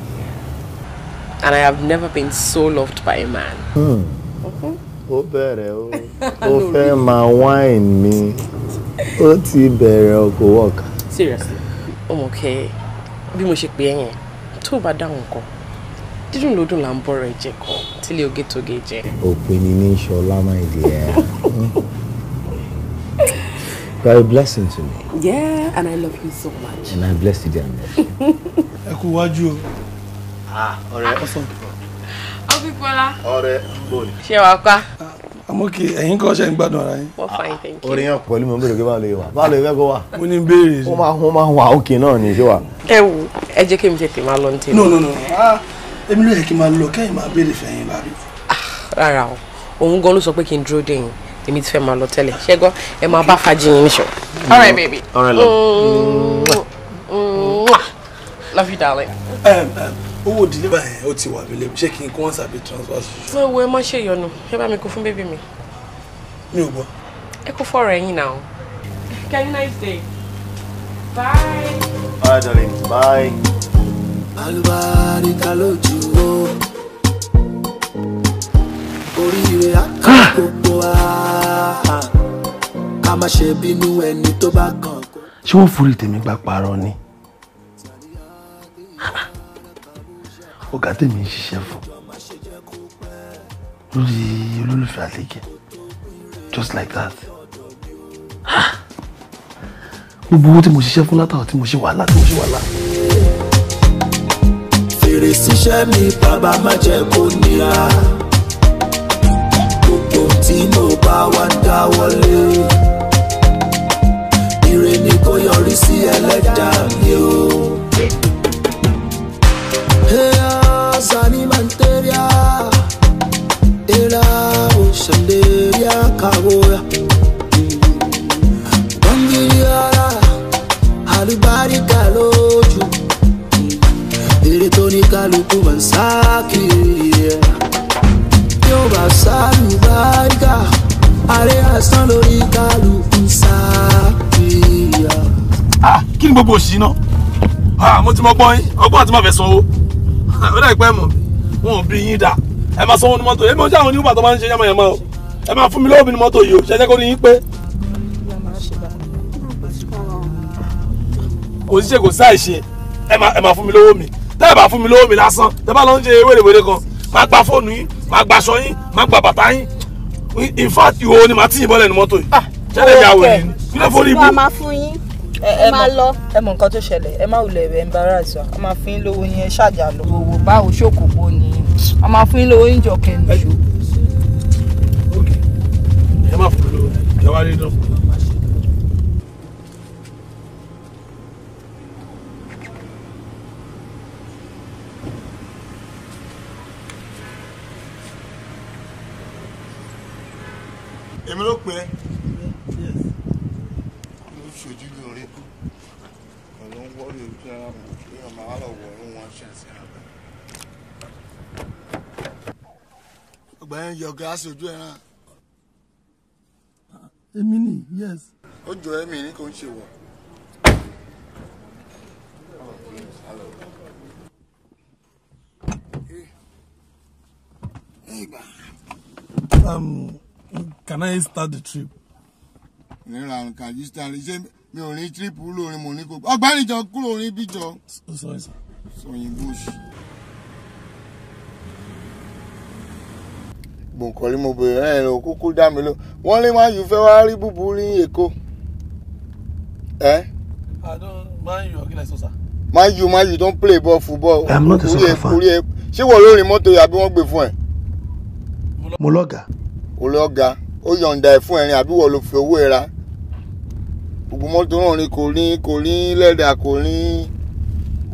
And I have never been so loved by a man. Hmm. Ó bere o, ó fẹ́ máa wine me ó ti bere o kò walk. Seriously, ọmọ kẹ́ bí mo ṣe pè é yẹn, tó o dídùn ló dùn là ń bọ̀rọ̀ ẹ̀jẹ̀ kan tílé ogetoge jẹ. òpin ni ní ṣọlá my dear. You are a blessing to me. Yeah, and I love you so much. And I bless you dear. much. Ẹ kú Ah, ọ̀rẹ́. Ọ̀bíkọ́lá. Ọ̀rẹ́ bòlì. Ṣé wàá pa? Ah, àmọ́ kí ẹ̀yin kọ́ ṣe ń gbádùn ara yín. Wọ́n fine thank you. Orin ah, yẹn pẹ̀lú mi ń bèrè pé báwo lè wà. Báwo lè fẹ́ kó wà? Mo ní béèrè. Ó máa ń wà No no no. Ah èmi ló yẹ kí n máa lọ kẹ́yìn máa béèrè fẹ̀yìn bàbí. Ah, rárá o òun gan ló sọ pé kí n dúró dé yín èmi ti fẹ́ máa lọ tẹ́lẹ̀ ṣé gbọ́ ẹ máa bá fàájì yín níṣọ. Mm. all right baby. all love. Mm. love you darling. owó ìdílé báyẹn ó ti wà mí lébi ṣé kí n kó wọn sàbí transfer. fún ewu ẹ má ṣe ìyọnu ẹ bá mi kó fún bébí mi. mi ò gbọ́. ẹ kó fọ́ọ̀rọ̀ ẹ̀yìn náà. Have a nice day. Bye. Bye, darling. Bye alùbáríkà lójú o oríire àká ah! gbogbo wa ká má ṣe bínú ẹni tó bá kàn. ṣé wọ́n forí tèmi gba parọ́ ni ọ̀gá tèmi ń ṣiṣẹ́ fún lórí olólùfẹ́ àlejò just like that ah! gbogbo owó tí mo ṣiṣẹ́ fún látàwọn tí mo ṣe wàhálà tí mo ṣe wàhálà rere síṣẹ́ mi bàbá má jẹ́ kó nira gbogbo tí mo bá wá dáwọ́lé ire ni kó yọrí sí ẹlẹ́dà mi o. Zani manteria, ela o shanderia kawoya. kálukú mọ̀ ń sákìrì ẹ̀. bí ó bá sálù bá ríkà àrẹ àsán lórí kálukú sákìrì ẹ̀. ah kí ni gbogbo òṣì náà ah, mo ti mọ gbọ́n yín ọgbọ́n àti má fẹ́ sanwó ó dà ìpẹ́ mọ̀ wọn ò bí yín dà ẹ máa sanwó ní mọ́tò èmi ò àwọn oníwùbà máa ń ṣe yánmọ́yánmọ́ o ẹ máa fún mi lọ́wọ́ mi ní mọ́tò yìí o ṣẹ́jẹ́ kó ní yín pé. kò sí ṣe kò sí àìṣe ẹ máa fún mi lọ́wọ́ mi tẹ́ ẹ bá fún mi lówó mi lásán tẹ́ bá lọ ń ṣe wèrèwèrè kan máa gba fóònù yín máa gba aṣọ yín máa gba bàtà yín in fact ìwọ ni màá tí ìbọn lẹ́nu mọ́tò yìí ṣẹlẹ̀ ìyá wẹ̀ kí ló forí ibú. ẹ máa lọ ẹ mọ nǹkan tó ṣẹlẹ̀ ẹ má wulẹ̀ ẹ̀ embarrass wa a máa fún yín lówó yín ẹ ṣàjà lọ. báwo ṣòkòkò ni a máa fún yín lówó yín jọ kẹ́ni. ẹ má fún mi lówó ẹ wá rí dán. pẹ́ ló ṣojú lórí kú ọ̀lọ́ ń wọ́rí ojú ara wọn kí ọmọ wa lọ wọ̀ ọ́rùn wọn ṣẹ̀ sí abẹ́. ọgbà yẹn yọ gíláàsì ojú ẹran. èmi ni yes. ó jọ ẹ̀mí ní kò ń ṣe wọ̀. Um, Can I start the trip? Nira àrùn kan yìí start ṣé mi ò ní trip lórin mo ní kó. Ọgbàníjọ kúrò orin bíjọ. Sorry sir. Sọyìn Bush. Bùnkọ̀rí mo bèrè náà ẹ̀rọ kúkú dá mi ló. Wọ́n lé máa yù fẹ́ wá rí búburú ní Èkó. Ẹ́. Máa yù ọ̀gílẹ̀ play ball football. I'm not a soccer fan. Ṣé wọ́n lórí mọ́tò yàbí wọ́n gbé fún ẹ? Mo lọ́gàá ológa ó yọ̀ǹda ẹ̀ fún ẹ̀rin àbí wọ́n ló fi owó ẹ̀ ra gbogbo mọ́tò náà ni kò ní kò ní lẹ́dà kò ní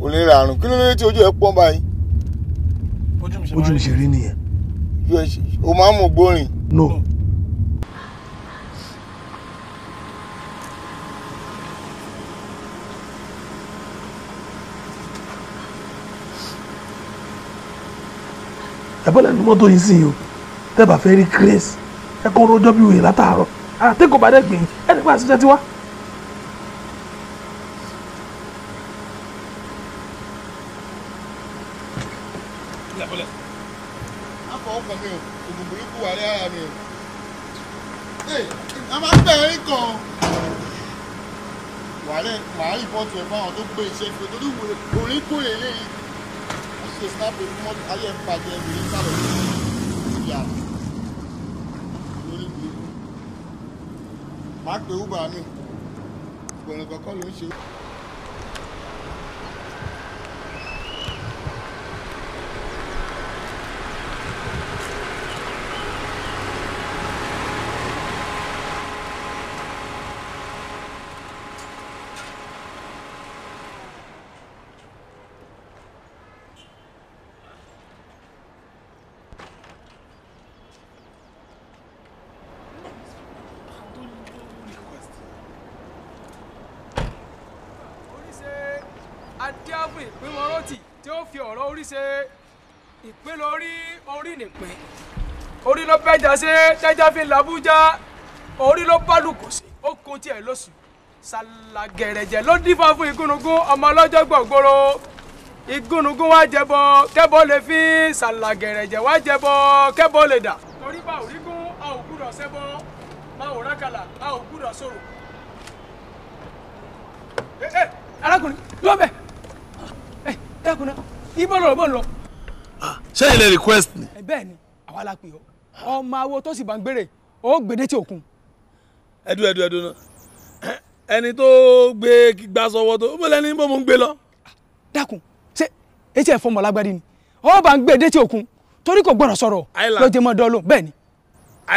kò ní ra àrùn kí ló dé tí ojú ẹ̀ pọ́n báyìí. ojú mi ṣe rí nìyẹn. o máa ń mú gbórin. no. no. ẹ̀bọ́lẹ̀ ní mọ́tò yìí sìn yìí o tẹ́ bá fẹ́ rí grace ẹ kàn rọjọ́ bí wèrè látàárọ̀ àtẹ́kọ̀ọ́ bá dẹ̀ gbìyànjú ẹ̀ nípa àṣìṣe tiwa. rìpọ́tù ẹ̀ fáwọn tó gbé iṣẹ́ fún torí orí kò lè léyìí wọ́n ṣe snap ẹ̀ fún ayé ẹ̀ bàjẹ́ ìrìn sálọ̀ ìyá. máa pe uber mi gbọ̀nrẹ̀kọ̀kọ̀ ló ń ṣe. orí ṣe ìpín lórí orí nìpín orí ló pẹja ṣe tẹja fi làbújá orí ló bálùkù sí okun tiẹ̀ lóṣù ṣàlàgẹ̀rẹ̀jẹ̀ ló dífá fún igúnnugún ọmọ ọlọ́jọ́ gbọ̀ngbòrò igúnnugún wá jẹbọ kẹbọ lè fi ṣàlàgẹ̀rẹ̀jẹ̀ wá jẹbọ kẹbọ lè dà. torí bá òrígún a ò gbúdọ̀ ṣẹbọ bá òrákàlà a ò gbúdọ̀ sọ̀rọ̀. Eh, eh, arákùnrin lọ́bẹ̀ ẹ eh, dákun náà ibo lọ bó ń lọ. ṣé ilé request ni. Eh, bẹ́ẹ̀ ni àwa la pè ọ́ ọmọ awo tó sì bá ń gbére ó gbèdé tí òkun. ẹdú ẹdú ẹdú náà ẹni tó gbé gbà sọ́wọ́ tó bó lẹni bó mo ń gbé lọ. dákun ṣé etí ẹ̀ fọmọ lágbádí ni ó bá ń gbèdé tí òkun torí kò gbọ́dọ̀ sọ̀rọ̀ lóde mọ́ dọ́lọ́ bẹ́ẹ̀ ni.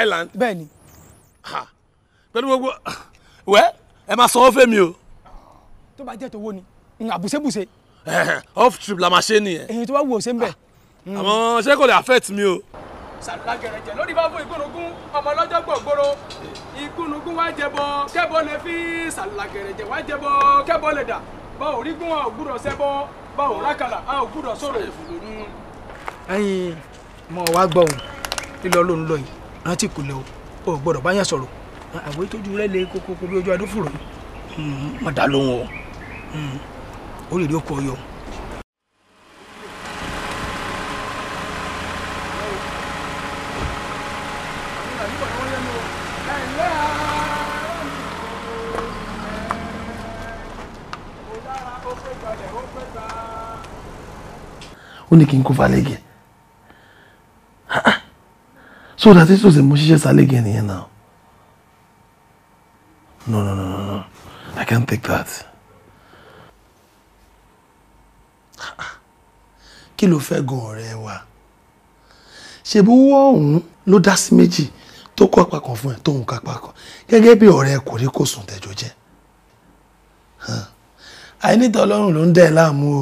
island bẹ́ẹ̀ ni. pẹ̀lú gbogbo wẹ́ ẹ máa sanwó fẹ́mi o. tó bá jẹ́ tówó ni àbùsẹ̀bùsẹ̀ off trip la máa ṣe nìyẹn. èyí tó bá wù ó ṣe ń bẹ̀. Ah. àmọ́ ṣé kò lè affect mi o. sàlá gẹ̀rẹ́jẹ̀ lórí bá fún ìgúnnugún ọmọ ọlọ́jọ́ gbọ̀ngbòrò ìgúnnugún wá jẹbọ kẹ́bọ lè fi sàlá gẹ̀rẹ́jẹ̀ wá jẹbọ kẹ́bọ lè dà bá òrígún a ò gbúdọ̀ bá òrákàlà a ò gbúdọ̀ sọ̀rọ̀ ẹyin mọ wá gbọ́ òun lílọ ló lọ yìí rántí ìkùlẹ̀ o ò gbọ́dọ̀ bá yẹn sọ̀rọ̀ àwòrán tójú rẹ lè kókó bí ojú adó fòrò yìí hmm, mọ̀dá lóhùn o. Hmm ó lè rí ọkọ yọ. ó ní kí n kó falẹ́gẹ̀ so that is to say mo ṣiṣẹ́ salẹ́gẹ̀ nìyẹn náà no no no no no i can't take that kí ló fẹ́ gan ọ̀rẹ́ wa ṣebí wọ́ òun ló dá sí méjì tó kọ́ apá kan fún ẹ tóun kápá kan gẹ́gẹ́ bí ọ̀rẹ́ kò rí kò sùn tẹ́jọ jẹ́ àìníta ọlọ́run ló ń dẹ́ láàmú o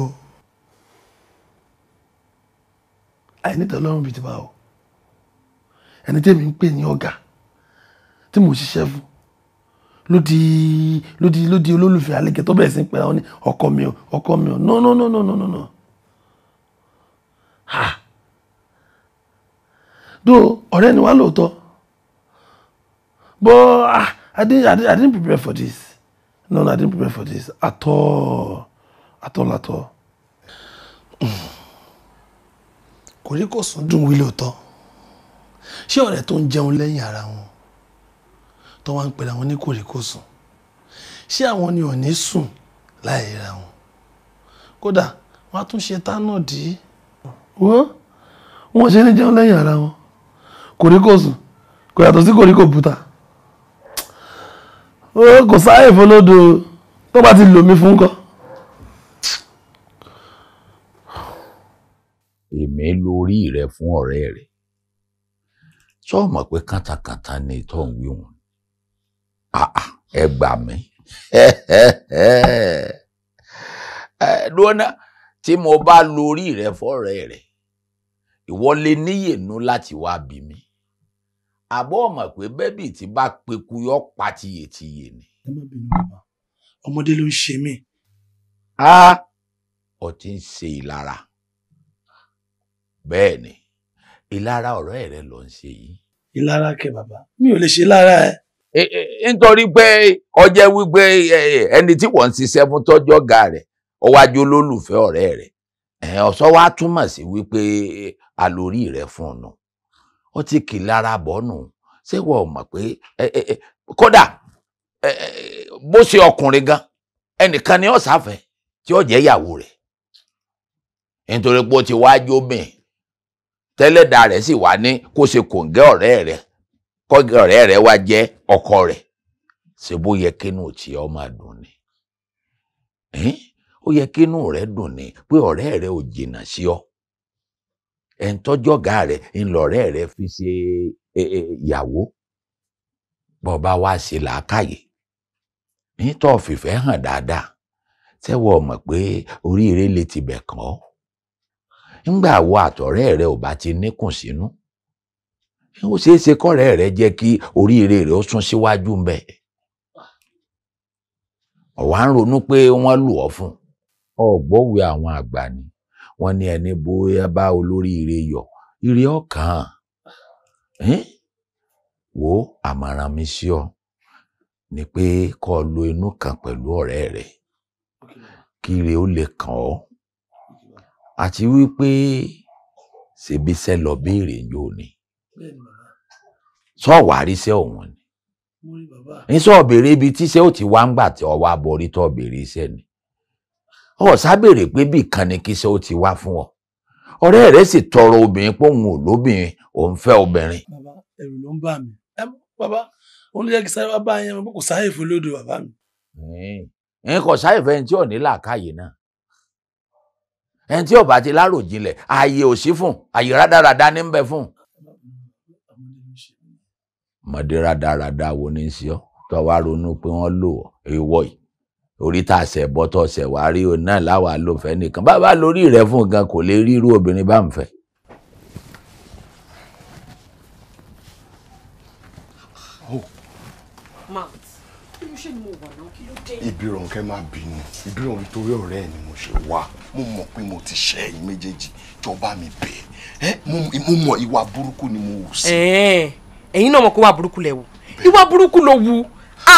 àìníta ọlọ́run bìtìbà o ẹni tẹ́mi ń pè ní ọ̀gá tí mo ṣiṣẹ́ fún ló di ló di ló di olólùfẹ́ Àlẹkẹ́ tó bẹ̀rẹ̀ sí pé àwọn ní ọkọ mi o ọkọ mi o no no no no no no no ha do ọ̀rẹ́ ni wá lóòótọ́ but ah I didn't, I didn't I didn't prepare for this no no I didn't prepare for this at all at all at all kò rí kò sùn dùn wí lóòótọ́ ṣé ọ̀rẹ́ tó ń jẹun lẹ́yìn ara wọn tó wá ń pera wọn ní kòríkòsùn ṣé àwọn ni ò ní sùn láì ra wọn kódà wọn á tún ṣe tánà dì í wọ́n wọ́n ṣe ní jẹun lẹ́yìn ara wọn kòríkòsùn kò yàtọ̀ sí kòríkò bùtà kò sáyè fọlọ́dọ̀ tó bá ti lò mí fún kan. èmi lórí rẹ fún ọ̀rẹ́ rẹ sọ mọ̀ pé kàtàkàtà ni ìtọ́ ń wí wọn Ah, ah, ẹ gbà mí lónà tí mo bá lórí rẹ fọ́rẹ́ rẹ ìwọ lè níyènú láti wá bí mi àbọ̀ mọ̀ pé bẹ́bí tí bá peku yọ pa tiyètiyè ni. ẹ má bínú bàbá ọmọdé ló ń ṣe mí. a ò ti ń ṣe ìlara bẹ́ẹ̀ ni ìlara ọ̀rẹ́ rẹ ló ń ṣe yìí. ìlara kẹ bàbá mi ò lè ṣe lára ẹ nítorí pé ọjẹ wípé ẹni tí wọ́n ń ṣiṣẹ́ fún tọ́jọ́ ga rẹ̀ ọwájú olólùfẹ́ ọ̀rẹ́ rẹ̀ ọ̀sọ́ wa túmọ̀ sí wípé àlórí rẹ̀ fún un nù ó ti kì lára bọ́ nù ṣé wọ́n mọ̀ pé kódà bó ṣe ọkùnrin gan ẹnìkan ni ọ̀sáfẹ́ tí ó jẹ́ ìyàwó rẹ̀ nítorí pé ó ti wájú mi tẹ́lẹ̀dá rẹ̀ sì wá ní kó ṣe kòǹgẹ́ ọ̀rẹ́ rẹ̀ kọ́gọ̀rẹ́ rẹ̀ wa je ọkọ rẹ̀ ṣe bó yẹ kínú tí ọ ma dùn ni o yẹ kínú rẹ̀ dùn ni pé ọ̀rẹ́ rẹ̀ ò jìnnà sí ọ ẹn tọ́jọ́gà rẹ̀ ńlọ̀rẹ́ rẹ̀ fi ṣe e, e, ṣe hàn mọ̀ pé ti wo ti sinu. ó ṣeé ṣe kọ́rẹ́ rẹ jẹ́ kí oríire rẹ ó sún síwájú ń bẹ̀. ọ̀wá ń ronú pé wọ́n lù ọ́ fún ọ̀gbọ́wé àwọn àgbà ni wọ́n ní ẹni bóyá bá olóríire yọ ire ọkàn wo àmàràn mi sí ọ ni pé kó o lo inú kan pẹ̀lú ọ̀rẹ́ rẹ kí ire ó lè kàn ọ́ àti wípé ṣèbí lọ béèrè yóò ní sọ wàá ríṣẹ́ ọ̀hún ni ní sọ béèrè ibi tíṣẹ́ ò ti wá ń gbà tí ọ wá borí tó béèrè iṣẹ́ ni ọ sábèrè pé bí kan ni kíṣẹ́ ó ti wá fún ọ ọ̀rẹ́ rẹ̀ sì tọrọ obìnrin pé òun ò lóbìnrin òun fẹ́ obìnrin. bàbá ẹ̀rù ló ń bà mí bàbá òun ló jẹ́ kí sáré wá bá yẹn kò sáyè fún lódò bàbá mi. ẹ̀yin kò sáyè fẹ́ ẹni tí ò ní làákàyè náà ẹni tí ò bá ti láròjinlẹ̀ ààyè ò fún ààyè rádaràda ní ń bẹ fún mọ̀dé rádaràda wo ní í ṣe ọ́ tó wá ronú pé wọ́n lò ọ́ èèwọ̀ yìí orí tá a ṣẹ̀ bọ́ tó ṣẹ̀ wá rí o náà láwa ló fẹ́ nìkan bàbá lórí rẹ̀ fún gan kò lè rí irú obìnrin bá ń fẹ́. Oh. Ìbírọ̀nkẹ́ máa bínú Ìbírọ̀nkẹ́ torí ọ̀rẹ́ ẹ̀ ni mo ṣe wá mo mọ̀ pé mo ti ṣe ẹ̀yin méjèèjì jọba mi bẹ́ẹ̀ mo mọ̀ ìwà burúkú ni mo wù sí ẹ̀yin náà mọ̀ kó wà burúkú lẹ̀ wù ìwà burúkú ló wù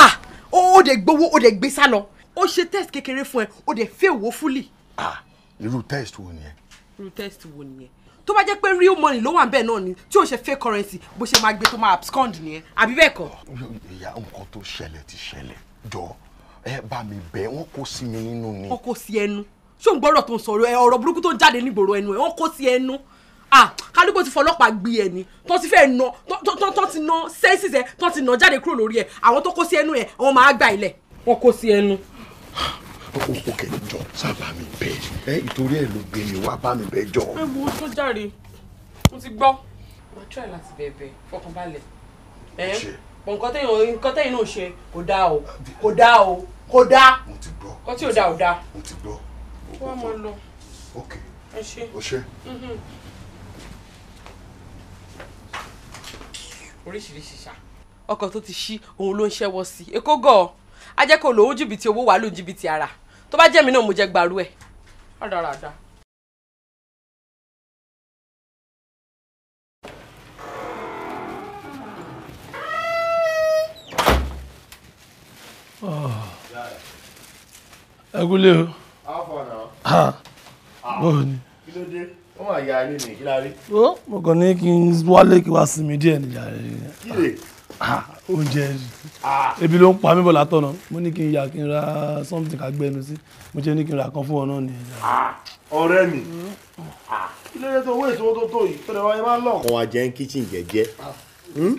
ah ó dẹ̀ gbowó ó dẹ̀ gbé sá lọ ó ṣe test kékeré fún ẹ ó dẹ̀ fẹ́ wò fúlì. ah irú test wo nìyẹn. irú test wo nìyẹn tó bá jẹ́ pé real money ló wà ń bẹ̀ náà ni tí o ṣe fake currency bó ṣe máa gbé tó máa abscond nìyẹn àbí bẹ́ẹ̀ kọ́. ìyá nǹkan tó ṣẹlẹ̀ ti ṣẹlẹ̀ jọ ẹ bá mi bẹ̀ wọ́n kó sí mi nínú ni. wọ́n kó sí ẹnu ṣó ń gbọ́dọ̀ tó ń sọ̀rọ̀ ẹ ọ̀rọ̀ burúkú tó ń jáde nígboro ẹnu ẹ wọ́n kó sí ẹnu ah kálukó ti fọlọ́pàá gbé ẹ ni tó ti fẹ́ na tó ti na sẹ́ńsì ẹ tó ti na jáde kúrò lórí ẹ àwọn tó kó sí ẹnu ẹ àwọn máa gba ilẹ̀ wọn kó sí ẹnu. ó kò kẹ́ni jọ sábà mi bẹ ẹ ìtorí ẹ ló gbé mi wá bá mi bẹ jọ. ẹ wo tó jáde mo ti gbọ́ mo try láti bẹ̀bẹ̀ fọkànbalẹ̀ ẹ pọ̀ nǹkan tẹ̀yìn nǹkan tẹ̀yìn náà ṣe kò dáa o kò dáa o kò dáa kò tí ò dáa ò dáa. mo ti gbọ́. wọ́n á lọ. ok ẹ ṣe. o ṣe. Mhm. oríṣiríṣi ṣá. ọkọ̀ tó ti ṣí òun ló ń ṣẹ́wọ́ sí i èkó gọ̀ á jẹ́ kó lòun jìbìtì owó wàá lò jìbìtì ara tó bá jẹ́ mi náà mo jẹ́ gbàrú ẹ̀ rádaràda. ẹ kúlẹ̀ o. Ah. báwo kí ló dé wọ́n máa ya ayé nìyí lárí. ó mo kàn ní kí n wálé kí wá sinmi díẹ̀ níjà rẹ̀. kí lè. Ah, oúnjẹ ah. ebi ló ń pa mí bọ̀ látọ̀nà mo ní kí n ya kí n ra something ká gbẹnu sí mo jẹ́ ní kí n ra kan fún ọ náà nìyẹn. Ah, ọ̀rẹ́ mi kí ló owó èso tó tó yìí tó lè wáyé máa ń lọ. àwọn àjẹ ń kíchìn jẹ́jẹ́ hmm?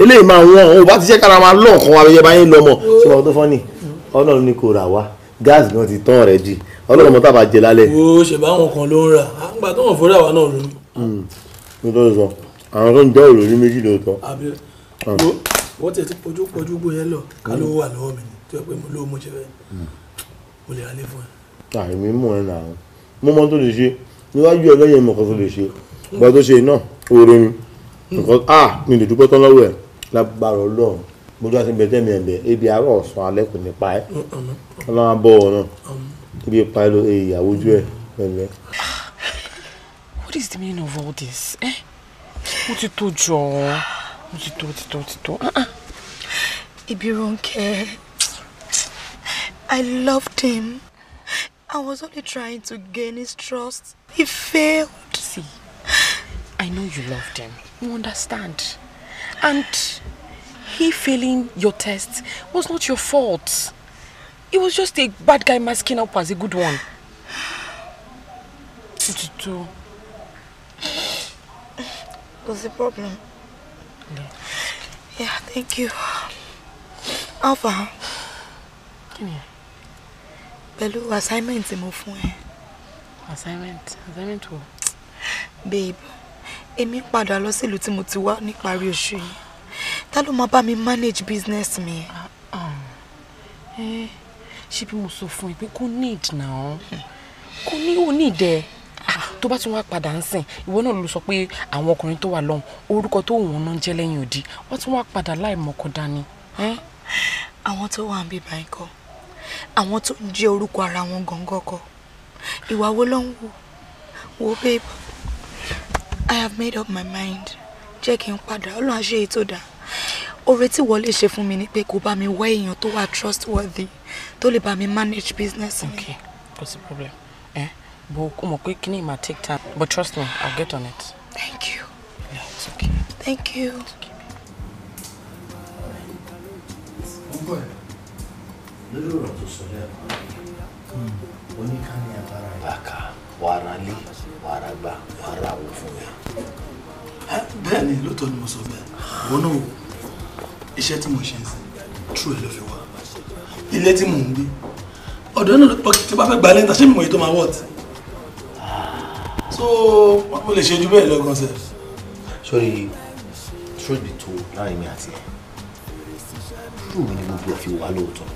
eléyìí máa wọ́n òun bá ti jẹ́ kára máa lọ́ọ̀kan wa bẹ́ẹ̀ bá yín lọ́mọ oh. ṣé wọn tó fọ́ ni hmm. ọlọ́run ni kò rà wá gáàsì náà ti tán ọ̀rẹ́dì ọlọ́run mọ́tà bá jẹ lálẹ́. wo ṣe báwọn kan ló ń rà àgbà tó wọn fúnra wa náà lóyún. Hmm. mo tọ́ sọ àwọn tó ń jẹ́ òròyìn méjì ló tọ́. Ah. wọ́n ti pojú pojú gbó yẹn lọ ká ló hmm. wà lọ́wọ́ mi tó yẹ pé mo ló mo ṣe fẹ́ mo lè rálé fún ẹ. àìmí mọ̀ ẹ́ nà án mo mọ́ tó lè ṣe níwájú ẹ lẹ́yìn mọ̀kàn tó lè ṣe bọ́ ṣe náà oore hmm. ah mi lè dúpẹ́ tán lọ́wọ́ ẹ̀ lágbára bójú àti bẹ̀tẹ̀ mi ẹ̀bẹ̀ ebi àárọ̀ ọ̀sán alẹ́ kò ní pa ẹ́ mm, mm, mm. ọlọ́run abọ́ ọ̀ náà ebi pa ẹ́ lọ ìyàwó ojú ẹ̀ ẹ̀lẹ́. Ah, what is the meaning of all this? Eh? ó ti tó jọ ó ti tó ó ti tó ó ti tó. Ah, ah. ibi Ronke I loved him I was only trying to gain his trust he failed. see I know you loved him you understand and. He failing your test was not your fault. It was just a bad guy masking up as a good one. Tututu. What's the problem? No. Yeah, thank you. Alpha. Come here. Pẹ̀lú assignment mo fún ẹ. Assignment? Assignment wo? Babe, èmi padà lọ sílùú tí mo ti wá ta ló máa bá mi manage business mi. Ah, ah. Eh, ṣé bí mo sọ fún ẹ pé kò need náà kò ní ò ní ìdẹ ah, tó bá ti wá padà ń sìn ìwọ náà ló sọ pé àwọn ọkùnrin tó wà lọ́hùn orúkọ tó wọ́n náà ń jẹ́ òdì wọ́n tún wá padà láì mọ́kọ dání. àwọn tó wà ń bí báyìí kọ àwọn tó ń jẹ́ orúkọ ara wọn gangan kọ ìwà wo ló ń wò wò babe i have made up my mind jẹ́ kí n padà ọlọ́run á ṣe èyí tó dáa oore tí wọ́n lè ṣe fún mi ni pé kó bá mi wá èèyàn tó wà trustworthy tó lè bá mi manage business mi. okay kò problem ẹ eh, bó o mọ̀ pé kíní ma take time but trust me I'll get on it. thank you. Yeah, it's okay. thank you. It's okay. lórí hmm. ọ̀rọ̀ tó sọ lẹ́ẹ̀kan oníkànnì àbára ìbáka wàrà lé wàrà gbà wàrà wò fún mi bẹ́ẹ̀ ni lóòótọ́ ni mo sọ bẹ́ẹ̀ wọn náà iṣẹ́ tí mo ṣe ń sìn tú ẹ ló fi wá ilé tí mò ń gbé ọ̀dọ́ náà tí bá fẹ́ gba lẹ́ńtà ṣé mi mọ̀ tó máa wọ̀ tí so mo lè ṣe ju bẹ́ẹ̀ lọ́gàn sẹ́. sori truth be told láàrin mi àti ẹ true ni gbogbo ẹ fi wá lóòótọ́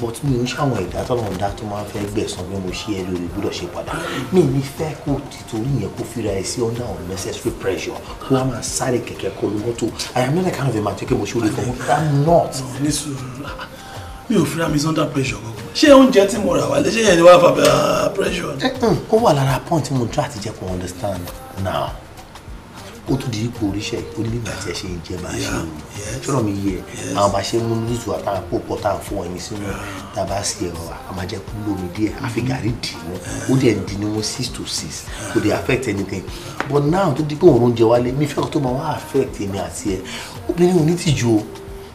but mi ò ń ṣàwọn ìdá tọ́lọ́run dá tó máa ń fẹ́ gbẹ̀sán bí mo ṣe ẹ lórí gbọ́dọ̀ ṣe padà mi ní fẹ́ kó tìtorí yẹn kó fira ẹ sí under unnecessary pressure kó wá máa sáré kẹ̀kẹ́ kó lu mọ́tò i am not the kind of a man tó kí mo ṣe orí fún mi not. mi ò fira mi under pressure kankan ṣé oúnjẹ tí mo rà wá lé ṣé yẹn ni wàá fà ah, pressure. ó wà lára point mo try to jẹ́ kó understand now ó tún di ipò oríṣẹ́ ó ní ìgbà tí ẹ ṣe ń jẹ bá ṣe o ṣọ́nà mi yẹ àwọn bá ṣe mú nítorí àtàwọn pòpọ̀ tá à ń fún ẹni sínú dábà sí ẹ̀rọ àmàjẹ kú lómi díẹ̀ àfi mm-hmm. gàrí dì wọ́n ó dẹ̀ di ní wọ́n six to six kò dé affect anything but now tó di pé òun ń jẹ wálé mi fẹ́ kó tó máa wá affect èmi àti ẹ obìnrin ò ní tìjú o.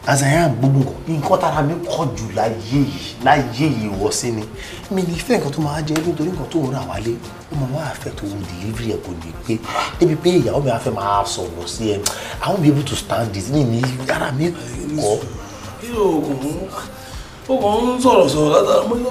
As I am gbogbo nǹkan tára mi kọ̀ jù láyé yìí láyé yìí wọ sí ni mi ní fẹ́ nǹkan tó máa jẹ nítorí nǹkan tó ń rà wálé ó máa máa fẹ́ tó delivery ẹ̀ kò ní pé débi pé ìyàwó mi á fẹ́ máa sọ̀rọ̀ sí ẹ I won't be able to stand this ní ní yàrá mi kọ́. kí ló oògùn oògùn ń sọ̀rọ̀ sọ̀rọ̀ látara mo ní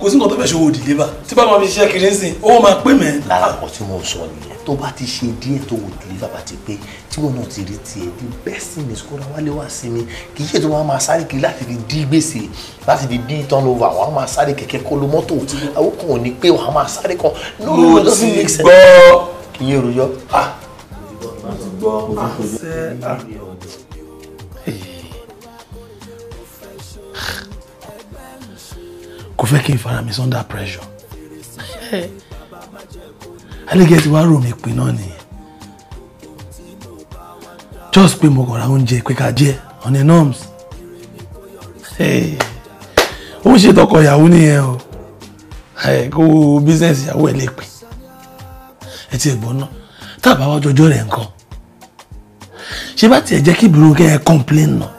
kò sí nǹkan tó fẹ́ ṣòwò deliver tí bá máa fi ṣiṣẹ́ kiri ń sìn ó máa pè mẹ́. lára nǹkan tí mo sọ nìyẹn tó bá ti ṣe díẹ̀ tó wò dùn bàbá ti pé tí wọn náà ti rí tiẹ̀ di bẹ́sì ní sukúrà wálé wá sí mi kì í ṣe wọn máa sáré kiri láti fi dí gbèsè láti fi dí turnover wọn máa sáré kẹ̀kẹ́ kó ló mọ́tò àwọn kan ò ní pé wọn máa sáré kan no no it doesn't make sense. ìyẹn rojọ́ ah. mo ti gbọ́ àṣẹ àbí kò fẹ́ kí n fara mi under pressure alẹ́gẹ́ ti wá rò mí pin náà nìyẹn just pé mo kàn ra oúnjẹ pé ká jẹ on a norms ó ń ṣètò ọkọ ìyàwó nìyẹn o kó business ìyàwó ẹ̀ lè pè ẹ ti gbọ́ náà tá a bá wá jọjọ́ rẹ̀ nǹkan ṣé bá tiẹ̀ jẹ́ kí ìbírú kẹ́ ẹ complain náà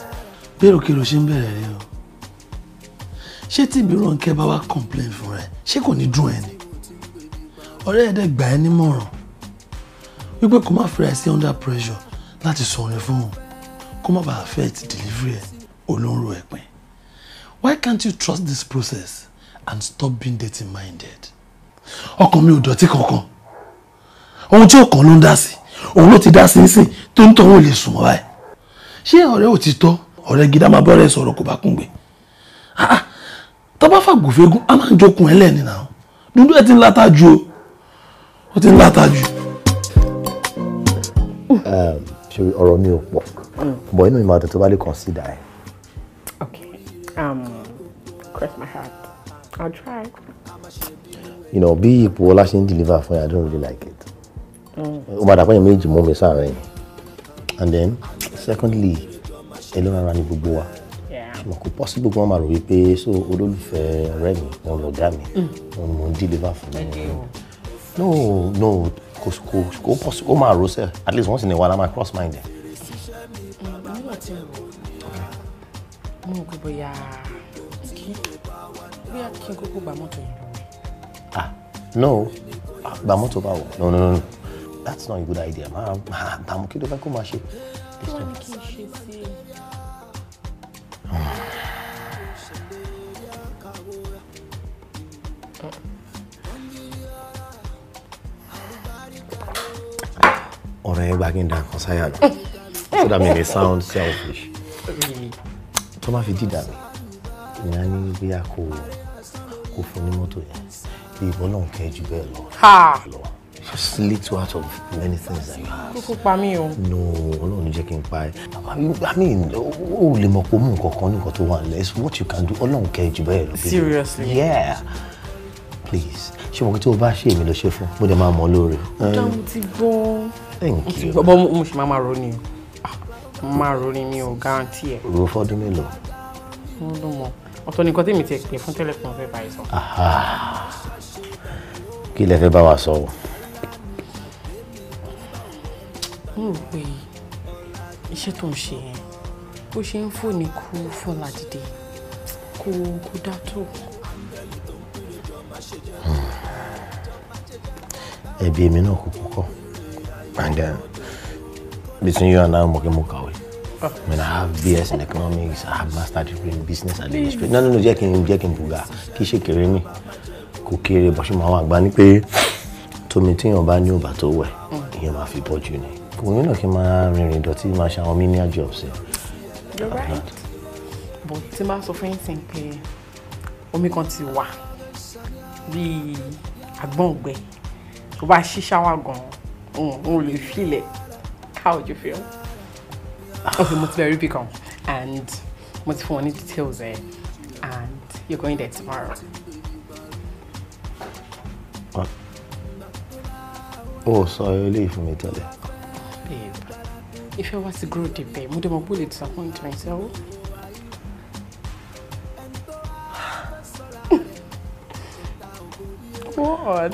bẹ́ẹ̀rù kí ló ṣe ń bẹ̀rẹ̀ rí o ṣé tí ìbírú kẹ́ bá wá complain fún rẹ̀ ṣé kò ní dùn ẹ ni ọ̀rẹ́ ẹ̀dẹ̀ gbà ẹ́ nímọ̀ràn wípé kó má fira ẹ sí under pressure láti sọ orin fún òun kó má bàa affect delivery ẹ olóró ẹ̀pin why can't you trust this process and stop being dirty minded ọkàn mi ò dọ̀tí kankan ohun tí ọkàn ló ń dá sí òun ló ti dá sí nísìn tó ń tọ́ òun lè sùn mọ́ báyìí ṣé ọ̀rẹ́ òtítọ́ ọ̀rẹ́ gidi máa bọ́rẹ̀ sọ̀rọ̀ kò bá kúngbe ah, ah, tó bá fàgùfẹ́gùn a máa ń jókun ẹlẹ́ni náà dúdú ẹ ti ń láta ju o ó ti ń láta jù. ṣe ọ̀rọ̀ mi ò pọ̀ mm. bọ̀ inú mi máa tó bá lè consider ẹ̀. okay um, cross my heart I'll try. you know bí ipò ọlá ṣe ń deliver for yàrá I don't really like it. Mm. ó máa dàpọ̀ yẹn méjì mú mi sáà rẹ̀ and then secondly ẹ ló rárá ní gbogbo wa ṣùgbọ́n kò possible kí wọ́n máa rò wípé so olólùfẹ́ ọ̀rẹ́ mi òun lọ̀gá mi mm. òun mò ń deliver for mi no no go, go, go, go, go, máa rọ́ọ̀sẹ̀ at least once in a while I'm ma cross mind ẹ̀. nígbà tí mo mú un pé bóyá kí bóyá kí n kókó gba mọ́tò yìí. ah no ah, gba mọ́tò báwo no no no that's not a good idea máa máa gbàmù kí ló fẹ́ kó máa ṣe. kí wọ́n ní kí n ṣe sí i. ọ̀rọ̀ yẹn gba kí n so that may sound selfish tó má fi dìdà mi ìyá ní bí a kò kò fún ní mọ́tò yẹn bí ìbọn náà kẹ́ jù bẹ́ẹ̀ lọ. just little out of many things that you have. kúkú pa mí o. no ọlọ́run jẹ́ kí n pa i mean o lè mọ̀ pé mú nǹkan kan ní nǹkan tó wà it's what you can do ọlọ́run kẹ́ jù bẹ́ẹ̀ lọ. seriously. yeah please ṣé mo kí tí o bá ṣe èmi lọ ṣe fún mo dẹ̀ máa mọ̀ lóore. dáhùn ti gbọ́ thank you. bọ́ mo ṣe máa ma ro ni ah, o máa ro ni mi ò guarantee ẹ. ro fọdún mélòó. mo ló mọ ọ̀tọ̀ nìkan tèmi ti pè fún tẹ́lẹ̀ fún ọ̀fẹ́ báyìí sọ. kí lẹ fẹ́ bá wa sọ o. mo rò pé iṣẹ́ tó ń ṣe yẹn bó ṣe ń fò ní kú fọlá dìde kó kó dá tó. ẹbí mi náà kúkú kọ́. And then uh, between you and I, I'm working more kàwé. Ah. I mean, I have BS in economics, I have master degree in business administration. No, no, no, jẹ́ kí n jẹ́ kí n bùgà, kì bashi ṣe kéré mi. Kò kéré bó ṣe máa wà gbá ni pé tómi téèyàn bá ní òbá tó wẹ̀, mm. fi bọ́jú ni. Kò ní náà kí n máa rìnrìn ìdọ̀tí máa jobs ẹ̀. You're right. But tí n bá sọ fún yín sìn pé omi kan ti wà bíi àgbọ̀n ọ̀gbẹ́ tó bá ṣí Mm, mo you feel it how would you feel. okay mo very big bí and mo ti fún details there, and you're going there tomorrow. o sọ leave fún mi tẹ́lẹ̀. babe I was ti grow deep ẹ̀ mo dẹ̀ mọ̀ to disappoint myself. What?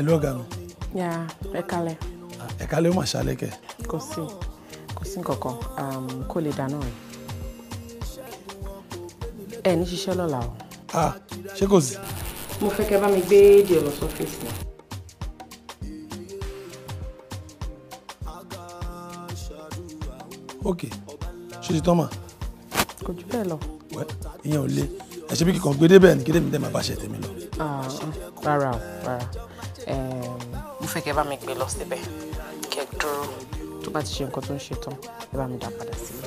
ẹ̀lú ọ̀gá nù. yà ẹ kalẹ̀. ẹ kalẹ̀ ó mà ṣàlẹ̀ kẹ. kò sí kò sí kankan kó lè dáná rẹ ẹ ní ṣiṣẹ́ lọ́la o. ah ṣé kò sí. mo fẹ́ kẹ́ bá mi gbé díẹ̀ lọ sọ́fíìsì náà. ok ṣe ti tán mà. kò jù bẹ́ẹ̀ lọ. wẹ́ ìyẹn ò le ẹ̀ ṣe bí kíkan gbé débẹ̀ ní kéde mi dẹ́ máa bá ṣe tèmi lọ. rárá o rárá mo fẹ́ kẹ́ bá mi pè lọ síbẹ̀ kẹ́ dúró tó bá ti ṣe nǹkan tó ń ṣe tán ẹ bá mi dá padà sílé.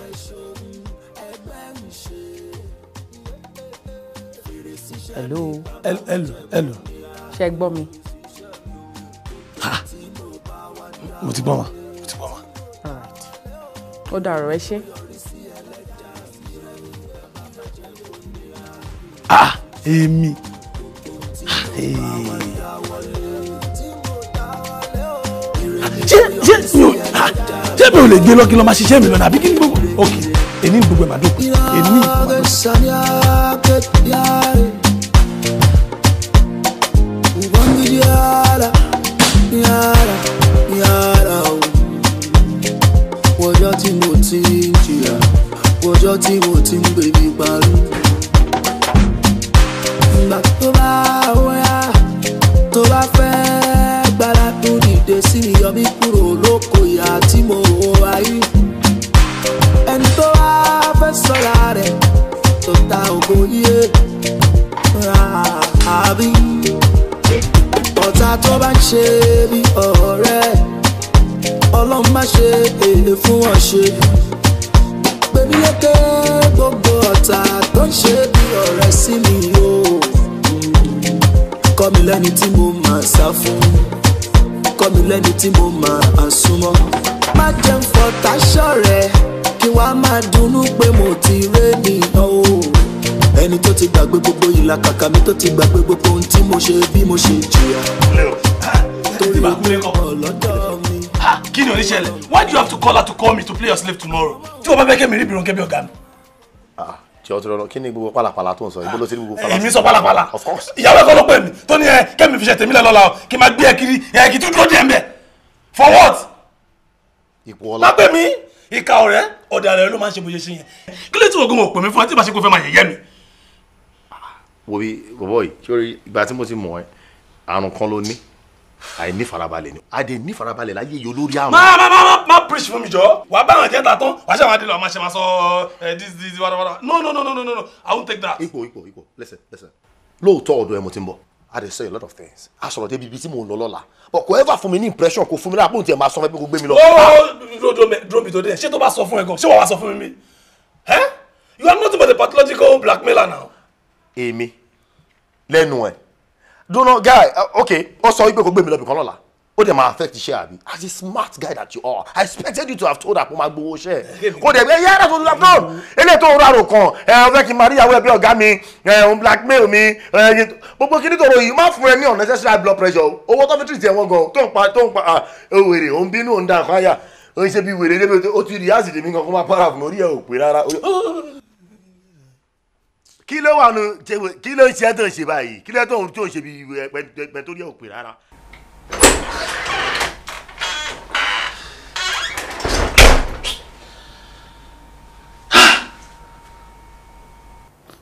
hello. hello hello. ṣe gbọ́ mi. mo ti gbọ́ wọn mo ti gbọ́ wọn. ó dàrú ẹ ṣé. ah èmi. ṣé ṣé mi ò ṣé mi ò lè gbé lọ́kí lọ́ máa ṣiṣẹ́ mi lọ́nà àbí kí ni gbogbo ok èmi ń gbogbo ẹ̀ máa dópin èmi ń gbogbo ọjọ́ tí mo ti ń jìyà ọjọ́ ògbóyè àbí ọ̀tá tó bá ń ṣe bí ọ̀rẹ́ ọlọ́run má ṣe èlé fún wọn ṣe pèmí lékè gbogbo ọ̀tá tó ń ṣe bí ọ̀rẹ́ sí mi o kọ́ mi lẹ́ni tí mo máa sá fún kọ́ mi lẹ́ni tí mo máa súnmọ́ má jẹun fọ̀tá ṣọ̀rẹ́ kí wàá máa dunnú pé mo ti ré nìyàn o ẹni tó ti gbàgbé gbogbo ìlàkàkà mi tó ti gbàgbé gbogbo ohun tí mo ṣe bí mo ṣe jìyà. torí ọmọ lọ́jọ́ mi. kí ni oníṣẹ́lẹ̀ why do you have to call her to call me to play your slave tomorrow tí o bá fẹ́ kí mi rí ibi ìrànkẹ́ bí ọ̀gá mi. jẹ́ ọtí lọ́nà kí ni gbogbo pàlàpàlà tó ń sọ ibo ló ti ní gbogbo pàlàpàlà. èmi sọ pàlàpàlà ìyàwó ẹ̀kọ́ ló pè mí tó ní ẹ kẹ́mi fi ṣe tèmi lẹ́ lọ́la o kí n máa gbé ẹ kiri ẹ kí tún dúró díẹ̀ mbẹ́ for what. ipò ọlá lápẹ́ mi ìka ọ̀rẹ́ ọ̀dà rẹ̀ ló máa ń ṣe bó ṣe ṣe yẹn kí ló ti wọ̀gùn òpè mi fún ẹ tí ìbáṣepọ̀ fẹ́ máa yẹ̀yẹ́ mi wo bí bọ̀bọ̀ yìí sórí ìgbà tí mo ti mọ̀ ẹ́ àrùn kan ló ní àìní farabalẹ̀ ni adé ní farabalẹ̀ láyé yìí olórí àrùn. máa máa máa máa preach fún mi jọ wà á bá àwọn ìjẹta tán wà á ṣe àwọn adé lọ máa ṣe máa sọ ẹ this this wàdà wàdà no no no no no no i won't take that. ipò ipò ipò listen listen lóòótọ́ ọ̀dọ̀ ẹ mo ti ń bọ̀ a dey say a lot of things a sọ̀rọ̀ débi ibi tí mò ń lọ lọ́la but kò ever fún mi ní impression kò fún mi láàpọ̀ tí ẹ máa sọ fún mi kò gbé mi lọ. dúró mi tó dé ṣé tó bá sọ fún ẹ gan ṣé wàá sọ fún mi mi you are not but a pathological blackmailer now èmi lẹ́nu ẹ̀ dúró guy uh, ok ó sọ wípé kò gbé mi lọ bìkan lọ́la ó dẹ̀ máa affect iṣẹ́ àbí as a smart guy that you are I expected you to have told àpò máa gbowó iṣẹ́ kó dẹ̀ ẹ yára tó dúró náà eléyìí tó rárò kan ẹ ọ̀fẹ́ kí n máa ríyàwó ẹbí ọ̀gá mi ẹ ń blackmail mi ẹ gbogbo kí nítorí yìí má fún ẹ ní unnecessary blood pressure owó tó fi tìrìtì ẹ̀wọ̀n gan tó ń pa tó ń pa òwèrè ah, òun bínú òun dà fáyà òun ṣe bí wèrè débi ó ti rí àṣìṣe mi kan kó má para fún orí ẹ̀ òpè rárá kí ló wà nù kí ló ń ṣe tó ń ṣe báyìí kí ló tó tó ń ṣe bí pẹ̀tọ́rí ò pè rárá.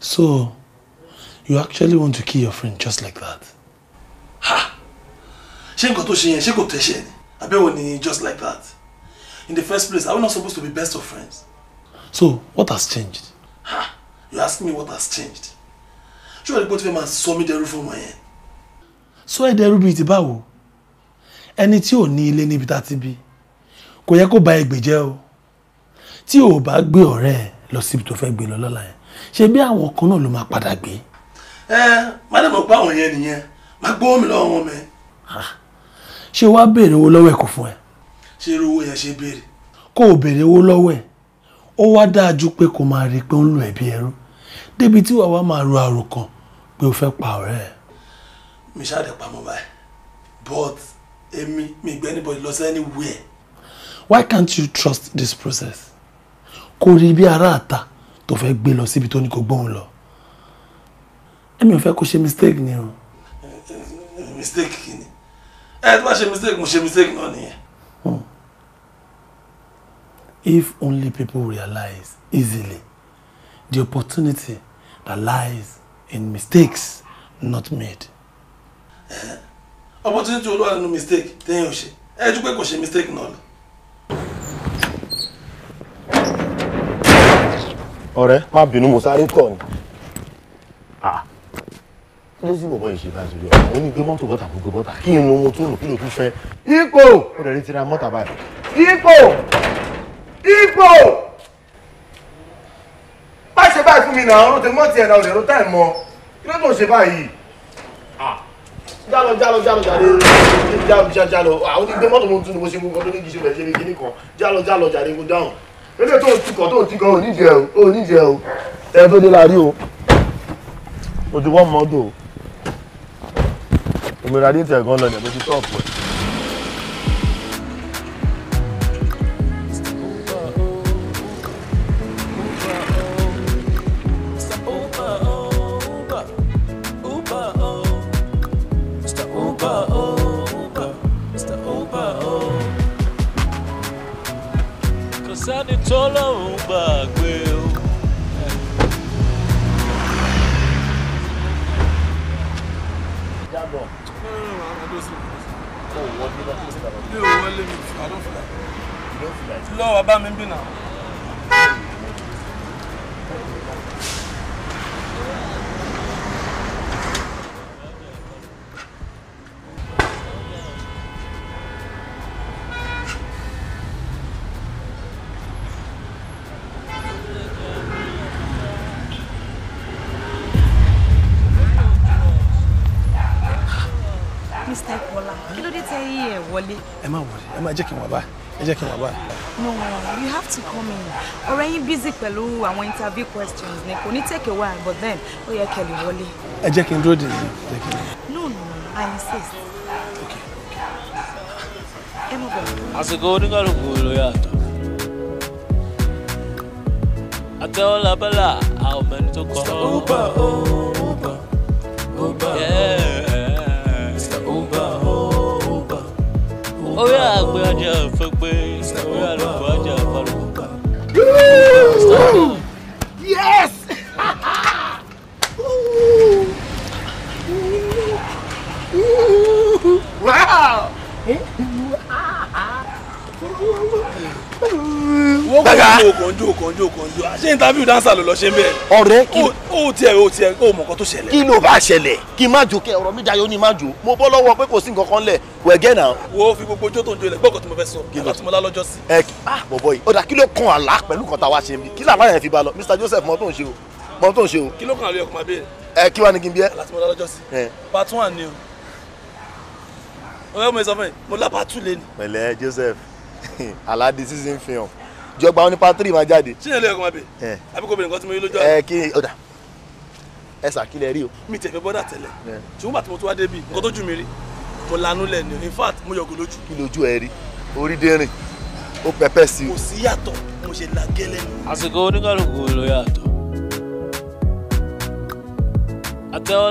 So, you actually want to kill your friend just like that? Ha! Ṣé nǹkan tó ṣe yẹn ṣé kò tẹ̀ṣẹ̀ ni? Àbẹ̀wò ni just like that. In the first place, are we not supposed to be best of friends? So, what has changed? Ha! you ask me what has changed ṣé wàá rí pé tí fẹ́ máa sọ mí dẹrú fún ọmọ yẹn. sọ ẹ dẹrú bíi ti báwo ẹni tí ò ní ilé níbi tá a ti bí kò yẹ kó ba ẹgbẹ́ jẹ́ o tí ò bá gbé ọ̀rẹ́ ẹ lọ síbi tó fẹ́ gbé lọ lọ́la yẹn ṣe bí àwọn kan náà ló máa padà gbé. ẹ madam ọ̀pá àwọn yẹn nìyẹn máa gbọ́ mi lọ́wọ́ wọn mẹ́. Ah, ṣé wàá béèrè owó lọ́wọ́ ẹ̀ kò fún ẹ. ṣé irú owó yẹn ṣe béèrè. kó o béèrè owó lọ́wọ́ ẹ̀ ó wá dáa ju pé kó máa rí i pé ó ń lò ẹ́ ẹrú débi tí wàá wá máa ro àròkàn pé o fẹ́ pa ọ̀rẹ́ ẹ̀. mi ṣáàdẹ̀ pamọ́ báyìí but èmi mi gbé anybody lọ sí anywhere. why can't you trust this process? kò rí bí ará àta tó fẹ́ gbé lọ síbi tó ní kó gbóhùn lọ. èmi ò fẹ́ kó ṣe mistake ni o. mistake kì ni ẹ tó bá ṣe mistake mo ṣe mistake náà nìyẹn. Hmm. If only people realize easily the opportunity that lies in mistakes not made. opportunity olúwa nínú mistake téèyàn ò ṣe ẹ jú pé kò ṣe mistake náà lọ. ọ̀rẹ́ má bínú mo sáré kọ̀ ni ah. kí ló sì bọ̀ bọ́yìí ṣe bá ṣe rí ọ̀rọ̀ ó ní gbé mọ́tò bọ́tà gbogbo bọ́tà kí n lo mo tó rò kí ló tún fẹ́. ipò ó rẹ̀ ní tira mọ́tà báyìí ipò ipò má ṣe báyìí fún mi náà ọ̀run tèmi mọ́ tiẹ̀ náà òdèrò táì mọ́ kí ló tó ń ṣe báyìí. jalo, jalo. jálọ jàre jálọ jálọ jálọ àwọn onígbé mọ́tò mo ń tún ni mo ṣe gbogbo ọdún níjì ṣe bẹ̀rẹ̀ ṣe mi kíní kan jálọ jálọ jàre kó dáhùn. eré tó ń tukọ̀ tó ń tukọ̀ ò níjẹ o ò níjẹ o ẹ tó dé la rí o òdìwọ́ mọ́tò òmìnira dé tẹ̀ gan lọ ní ẹ̀ tó ti ẹ̀. easy pẹ̀lú àwọn interview questions ni kò ní take a while but then ó yẹ kẹ́ wọlé. ẹ jẹ́ kí n dúró dè é. no no i insist. ẹ mọ̀ bọ̀. àsìkò oníkàlùkù ló yàtọ̀ àtẹ̀wọ́ labẹ́là àwọn ọmọ ẹni tó kọ́. Oh, uber uber oh. Oh, uber uber orí àgbẹ̀ ajá fẹ́ pé orí àlùkò ajá. Woo! ọ̀gá. okonjo okonjo okonjo ṣé interview dancer ló lọ ṣe bẹ́ẹ̀. ọ̀rẹ́ kí o tiẹ̀ o tiẹ̀ o mọ̀ nǹkan tó ṣẹlẹ̀. kí ló bá ṣẹlẹ̀ kí má jò kẹ ọ̀rọ̀ mi dayo ni má jò mo bọ́ lọ́wọ́ pé kò sí nǹkan kan lẹ̀ wẹ̀gẹ́ náà. wo fi gbogbo ojó tó ń jolẹ̀ gbọ́kọ̀ tí mo fẹ́ sọ kíló tí mo lálọ́jọ́ sí. ẹ bọ̀bọ̀ ah, yìí ó dà kí ló kan àlá pẹ̀lú kan táwa ṣe kí làlá yẹn fi ba lọ Mr Joseph mọ tó ń ṣe o mọ tó ń ṣe o. kí ló kan àlọ́ ọkùnrin abẹ́rẹ́. ẹ kí wàá ní kí n bí ẹ. àlá tí mo lálọ́jọ́ sí. part one ni o ọ̀rẹ́ mi sọ fún mi mo lábàá tù lé ni. pẹ̀lẹ́ Joseph aládìsí ń fi hàn ìjọba wọn ní pátírì máa jáde. ṣé ilé ọkọ máa bè àbí kò bèrè nǹkan tí mo yí lójú àná. ẹ kí ọ̀dà ẹ sàkílẹ̀ rí o. mi tẹ̀ fẹ́ bọ́dà tẹ́lẹ̀ ṣùgbọ́n bàtí mo tún wá débi nǹkan tó jù mí rí mo lanú lẹ̀ ni in fact mo yọ̀gò lójú. kí lójú ẹ rí orí dérìn ó pẹpẹ sí o. kò sí yàtọ̀ mo ṣe là gẹ́lẹ́ ni. àsìkò oníkàlùkù ló yàtọ̀ àtẹ̀wọ́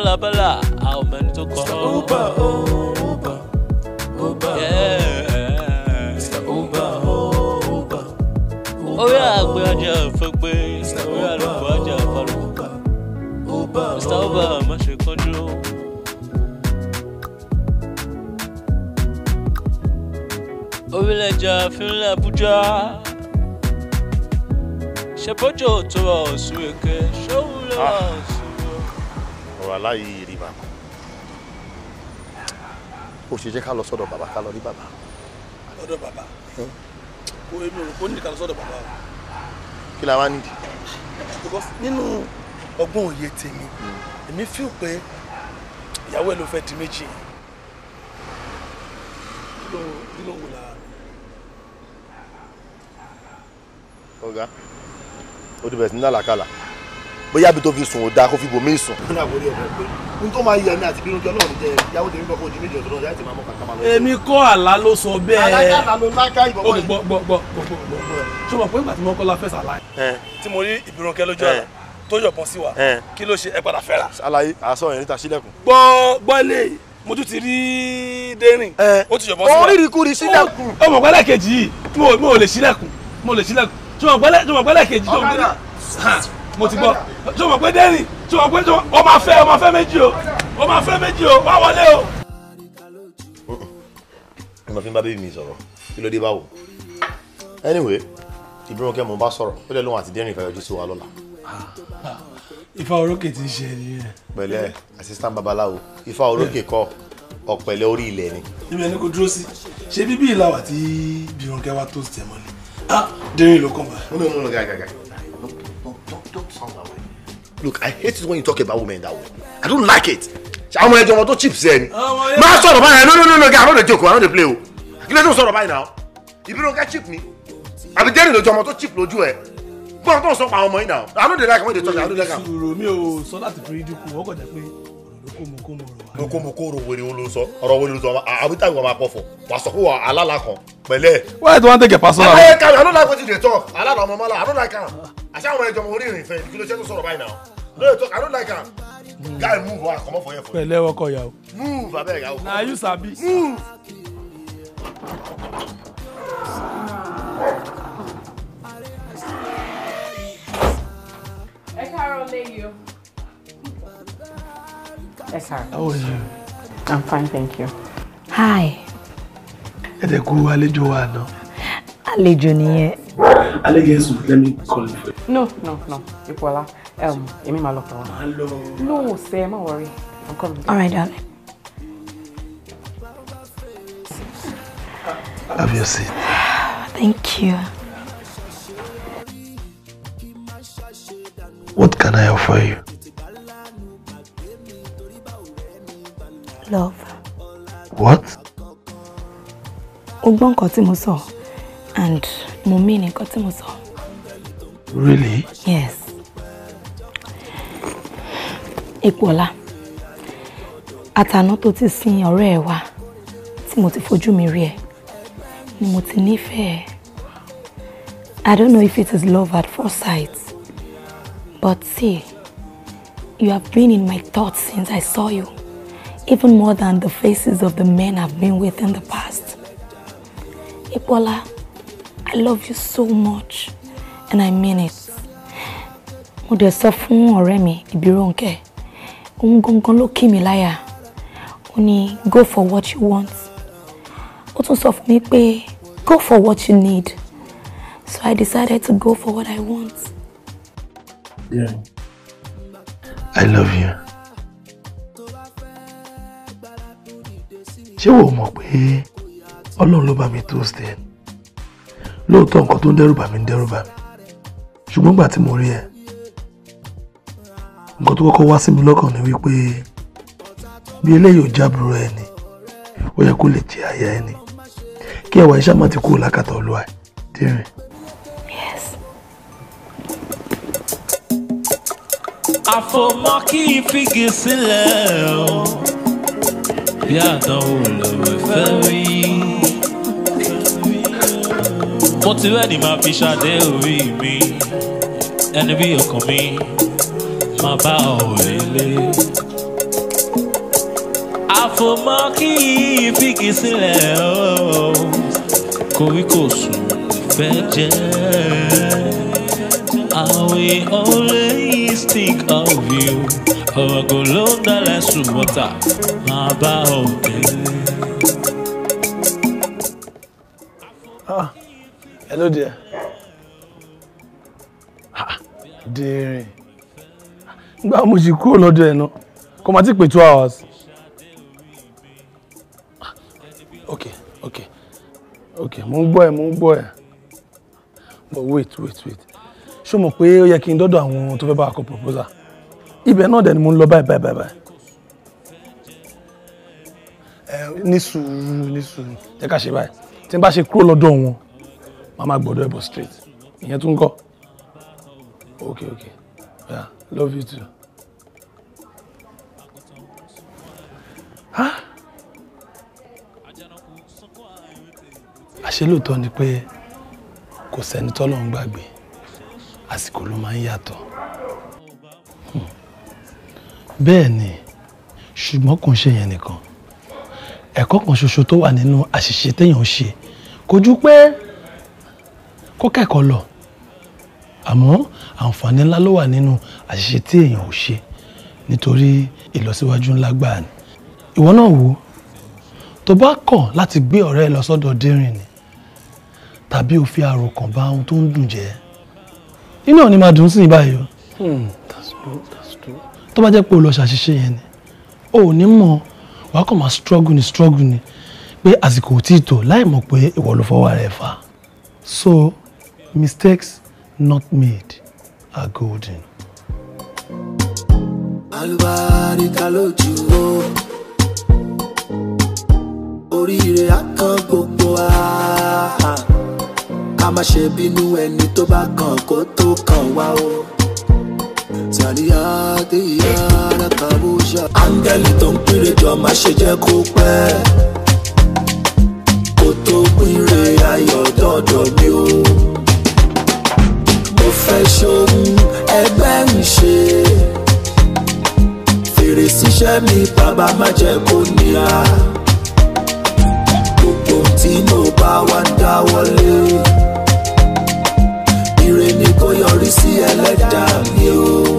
orí àgbẹ̀ ọjà fẹ́gbẹ́ orí àlùkò ọjà àfàlùkò mr uba má ṣe kánjú. orílẹ̀-èdè fínlẹ̀ Abuja ṣèbọ́jọ́ tó wà ọ̀sùn èké ṣóun lè wà ọ̀sùn. Ah. ọ̀rọ̀ aláyìí rí bàbá ó ṣe jẹ́ ká lọ sọ́dọ̀ bàbá ká lọ rí bàbá. lọ́dọ̀ bàbá. Hmm kó wa. kí because nínú ọgbọ́n òye tèmi èmi fi pé ìyàwó ẹ ló fẹ́ di méjì yẹn kí ló ń wò lára. ọ̀gá ó ti bẹ̀rẹ̀ sí bóyá bí tó fi sùn ò dáa kó fi bòmí sùn. n tó máa yẹ mi àti bínú jọ náà níjẹ ìyàwó tèmi kọ́kọ́ di méjì ọ̀dọ́ náà láti máa mọ kàkà máa lọ. èmi kọ́ àlá ló sọ bẹ́ẹ̀. alájà àlá ló láká ìbọn bọ́ọ̀lù. gbọ́ gbọ́ gbọ́ gbọ́ gbọ́ ṣé mo pé ìgbà tí mo kọ́ la fẹ́ sàlá yìí. tí mo rí ìbìrànkẹ́ lójú àlá tó yọ̀bọ̀n sí wa kí ló ṣe ẹ padà fẹ́ ra. alaye àṣọ yẹn níta sílẹ̀kùn. gbọ́ gbọ́ lè mo tún ti rí dẹ́rìn. ó ti yọ̀bọ̀n sí wa. orí kúri sílẹ̀kùn. ọmọ gbọ́dọ̀ kejì yìí mo lè sílẹ̀kùn mo lè sílẹ̀kùn tí mo gbọ́dọ̀ kejì tó ń gbé mo ti gbọ́ ṣé o mọ̀ pé dẹ́rìn ṣé o mọ̀ pé o máa fẹ́ o máa fẹ́ méjì o o máa fẹ́ méjì o wá wọlé o. ẹ máa fi ń bá bébí mi sọ̀rọ̀ kí ló dé báwo anyway ìbírànkẹ́ mo bá sọ̀rọ̀ ó lè lóun àti dẹ́rìn ìfẹ́ yọjú sí wa lọ́la. ifá orókè ti ṣe nìyẹn. pẹ̀lẹ́ assistant babaláwo ifá orókè kọ́ ọ̀pẹ̀lẹ̀ orí ilẹ̀ ni. ibi ẹni kò dúró sí ṣé bíbí ìlà wà tí ìbírànkẹ́ wa tó tẹ̀ mọ́lẹ̀ ah dẹ́rìn ló kàn bá. ó lè mú un lọ gàgàgà. Don't, don't sound that way. Look, I hate it when you talk about women that way. I don't like it. Àwọn ẹjọ́ wọn tó chip sí ẹni. Má sọ̀rọ̀ báyìí, no no no no, guy, I no dey joke, I no dey play o. Kí ló ń sọ̀rọ̀ báyìí náà? Ìbí ló ń ká chip ni. Àbí jẹ́rìí lójú ọmọ tó chip lójú ẹ̀. Bọ́n tó ń sọ pa àwọn ọmọ yìí náà. I no dey like when they talk, I no dey like am. Sùúrù mi ò sọ láti fi dínkù, wọ́n kọ̀ jẹ́ pé mokomokoro wo ni o lo sọ ọ̀rọ̀ wo ni o sọ àbí táwọn ọmọ akọfọ wà sọ fún wa alala kan pẹ̀lẹ́. why do you wan take a personal. aláyẹ̀ká i no like wetin you dey talk alala ọmọ mọ́lá i no like am àṣà àwọn ẹjọ́ mo rí ìrìn fẹ́ kí ló ṣe tó sọ̀rọ̀ báyìí náà lóye i don't like am guy move wa ah, comot for here for you. pẹ̀lẹ́ ọkọ ìyàwó. move abeg awo. na you sabi. move. ẹ káàárọ̀ how are you. i'm fine thank you. hi. ẹ tẹ kú àlejò wa àná. àlejò nìyẹn. àlejò let me call you first no no no You pull Um, you máa my pẹ̀ wọ́n. no say, don't worry. i'm coming. all right darling. Have your seat. Thank you. What can I offer you? Love. What? O gbọ́ nǹkan mo sọ and mo mean nǹkan tí mo sọ. Really? Yes. Ipòọlá, àtàná tó ti sin ọ̀rẹ́ ẹ wa tí mo ti fojú mi rí ẹ ni mo ti nífẹ̀ẹ́. I don't know if it is love at first sight, but see, you have been in my thoughts since I saw you, even more than the faces of the men I've been with in the past. Ipòọlá, I love you so much and I mean it. Mo dẹ̀ sọ fún ọ̀rẹ́ mi Ìbírónkẹ́, òun gangan ló kì mí láyà. Ó ní go for what you want. Ó tún sọ fún mi pé go for what you need. So I decided to go for what I want. Yeah. I love you. Ṣé wo mọ̀ pé Ọlọ́run ló bá mi tó ṣe? Lóòótọ́ nǹkan tó ń dẹ́rù bà mí ń dẹ́rù bà mí ṣùgbọ́n gbà tí mo rí ẹ nǹkan tó kọ́kọ́ wá sí mi lọ́kàn ni wípé bí eléyìí ò jábùrọ̀ ẹni ó yẹ kó lè jẹ àyà ẹni kí ẹwà iṣẹ́ máa ti kú lákàtà olúwa dírìn. yes. kí ìfigi sílẹ̀ o bí àdánwò lọ́wọ́ fẹ́ rí mo ti rẹ́ẹ̀dì máa fi ṣàdé orí mi ẹni bí ọkàn mi máa bá ọ lélẹ. àfòmọ́ kí fìgì sílẹ̀ ooo koríko sùn ìfẹ́ jẹ́ I will always think of you ọ̀rọ̀ kò ló ń dalẹ̀ sùn wọ́tà My bow ọ lélẹ. Hello there. Ah, dearin. Nígbà mo ṣì kúrò lọ́dọ̀ ẹ̀ náà, kò máa ti pè two hours. Ok, ok, ok, mo ń gbọ́ mo ń gbọ́ But wait, wait, wait. Ṣé o mọ̀ pé ó yẹ kí n dọ́dọ̀ àwọn tó fẹ́ bá wa kọ proposal? Ibẹ̀ náà dẹ̀ ni mo ń lọ báyìí báyìí báyìí. Ẹ ní sùúrù ní sùúrù, jẹ́ ká ṣe báyìí. Tí n bá ṣe kúrò lọ́dọ̀ wọn màá máa gbọ́dọ̀ ẹ̀bọ̀ straight ìyẹn tún kọ́ okay okay yeah love you too. àṣé lóòótọ́ ni pé kò sẹ́ni tọ́lọ́run gbàgbé àsìkò ló máa ń yàtọ̀ hmm. bẹ́ẹ̀ ni ṣùgbọ́n kò ń ṣe yẹn nìkan ẹ̀kọ́ kan ṣoṣo tó wà nínú àṣìṣe téèyàn ń ṣe kò pé kó kẹ́kọ̀ọ́ lọ àmọ́ àǹfààní ńlá ló wà nínú àṣìṣe tí èèyàn ò ṣe nítorí ìlọsíwájú ńlá gbà ni ìwọ náà wò tó bá kọ̀ láti gbé ọ̀rẹ́ ẹ lọ sọ́dọ̀ dérìn ni tàbí o fi àròkàn bá ohun tó ń dùn jẹ́ inú ọ̀ máa dùn sí ìbáyìí hmm, tó bá jẹ́ pé o lọ ṣàṣìṣe yẹn ni o ò ní mọ̀ wàá kàn máa struggle ni struggle ni pé àsìkò ò tí ì tó láì mọ̀ pé ìwọ ló fọwọ́ rẹ̀ fà so mistakes not made are golden. oríire á gbogbo wa ká má ṣe bínú ẹni tó bá kàn kó tó kàn wá o. Sàríyáde ìyára kàbúṣà. Áńgẹ́lì tó ń pínre jọ má ṣe jẹ́ kó pẹ́. Kó tó pínre ayọ̀ dọ́dọ̀ mi o fẹ́ ṣohun ẹgbẹ́ ń ṣe fèrèsé iṣẹ́ mi bàbá má jẹ́ kó nira gbogbo tí mo bá wá dáwọ́lé ire ni kó yọrí sí ẹlẹ́dàá mi o.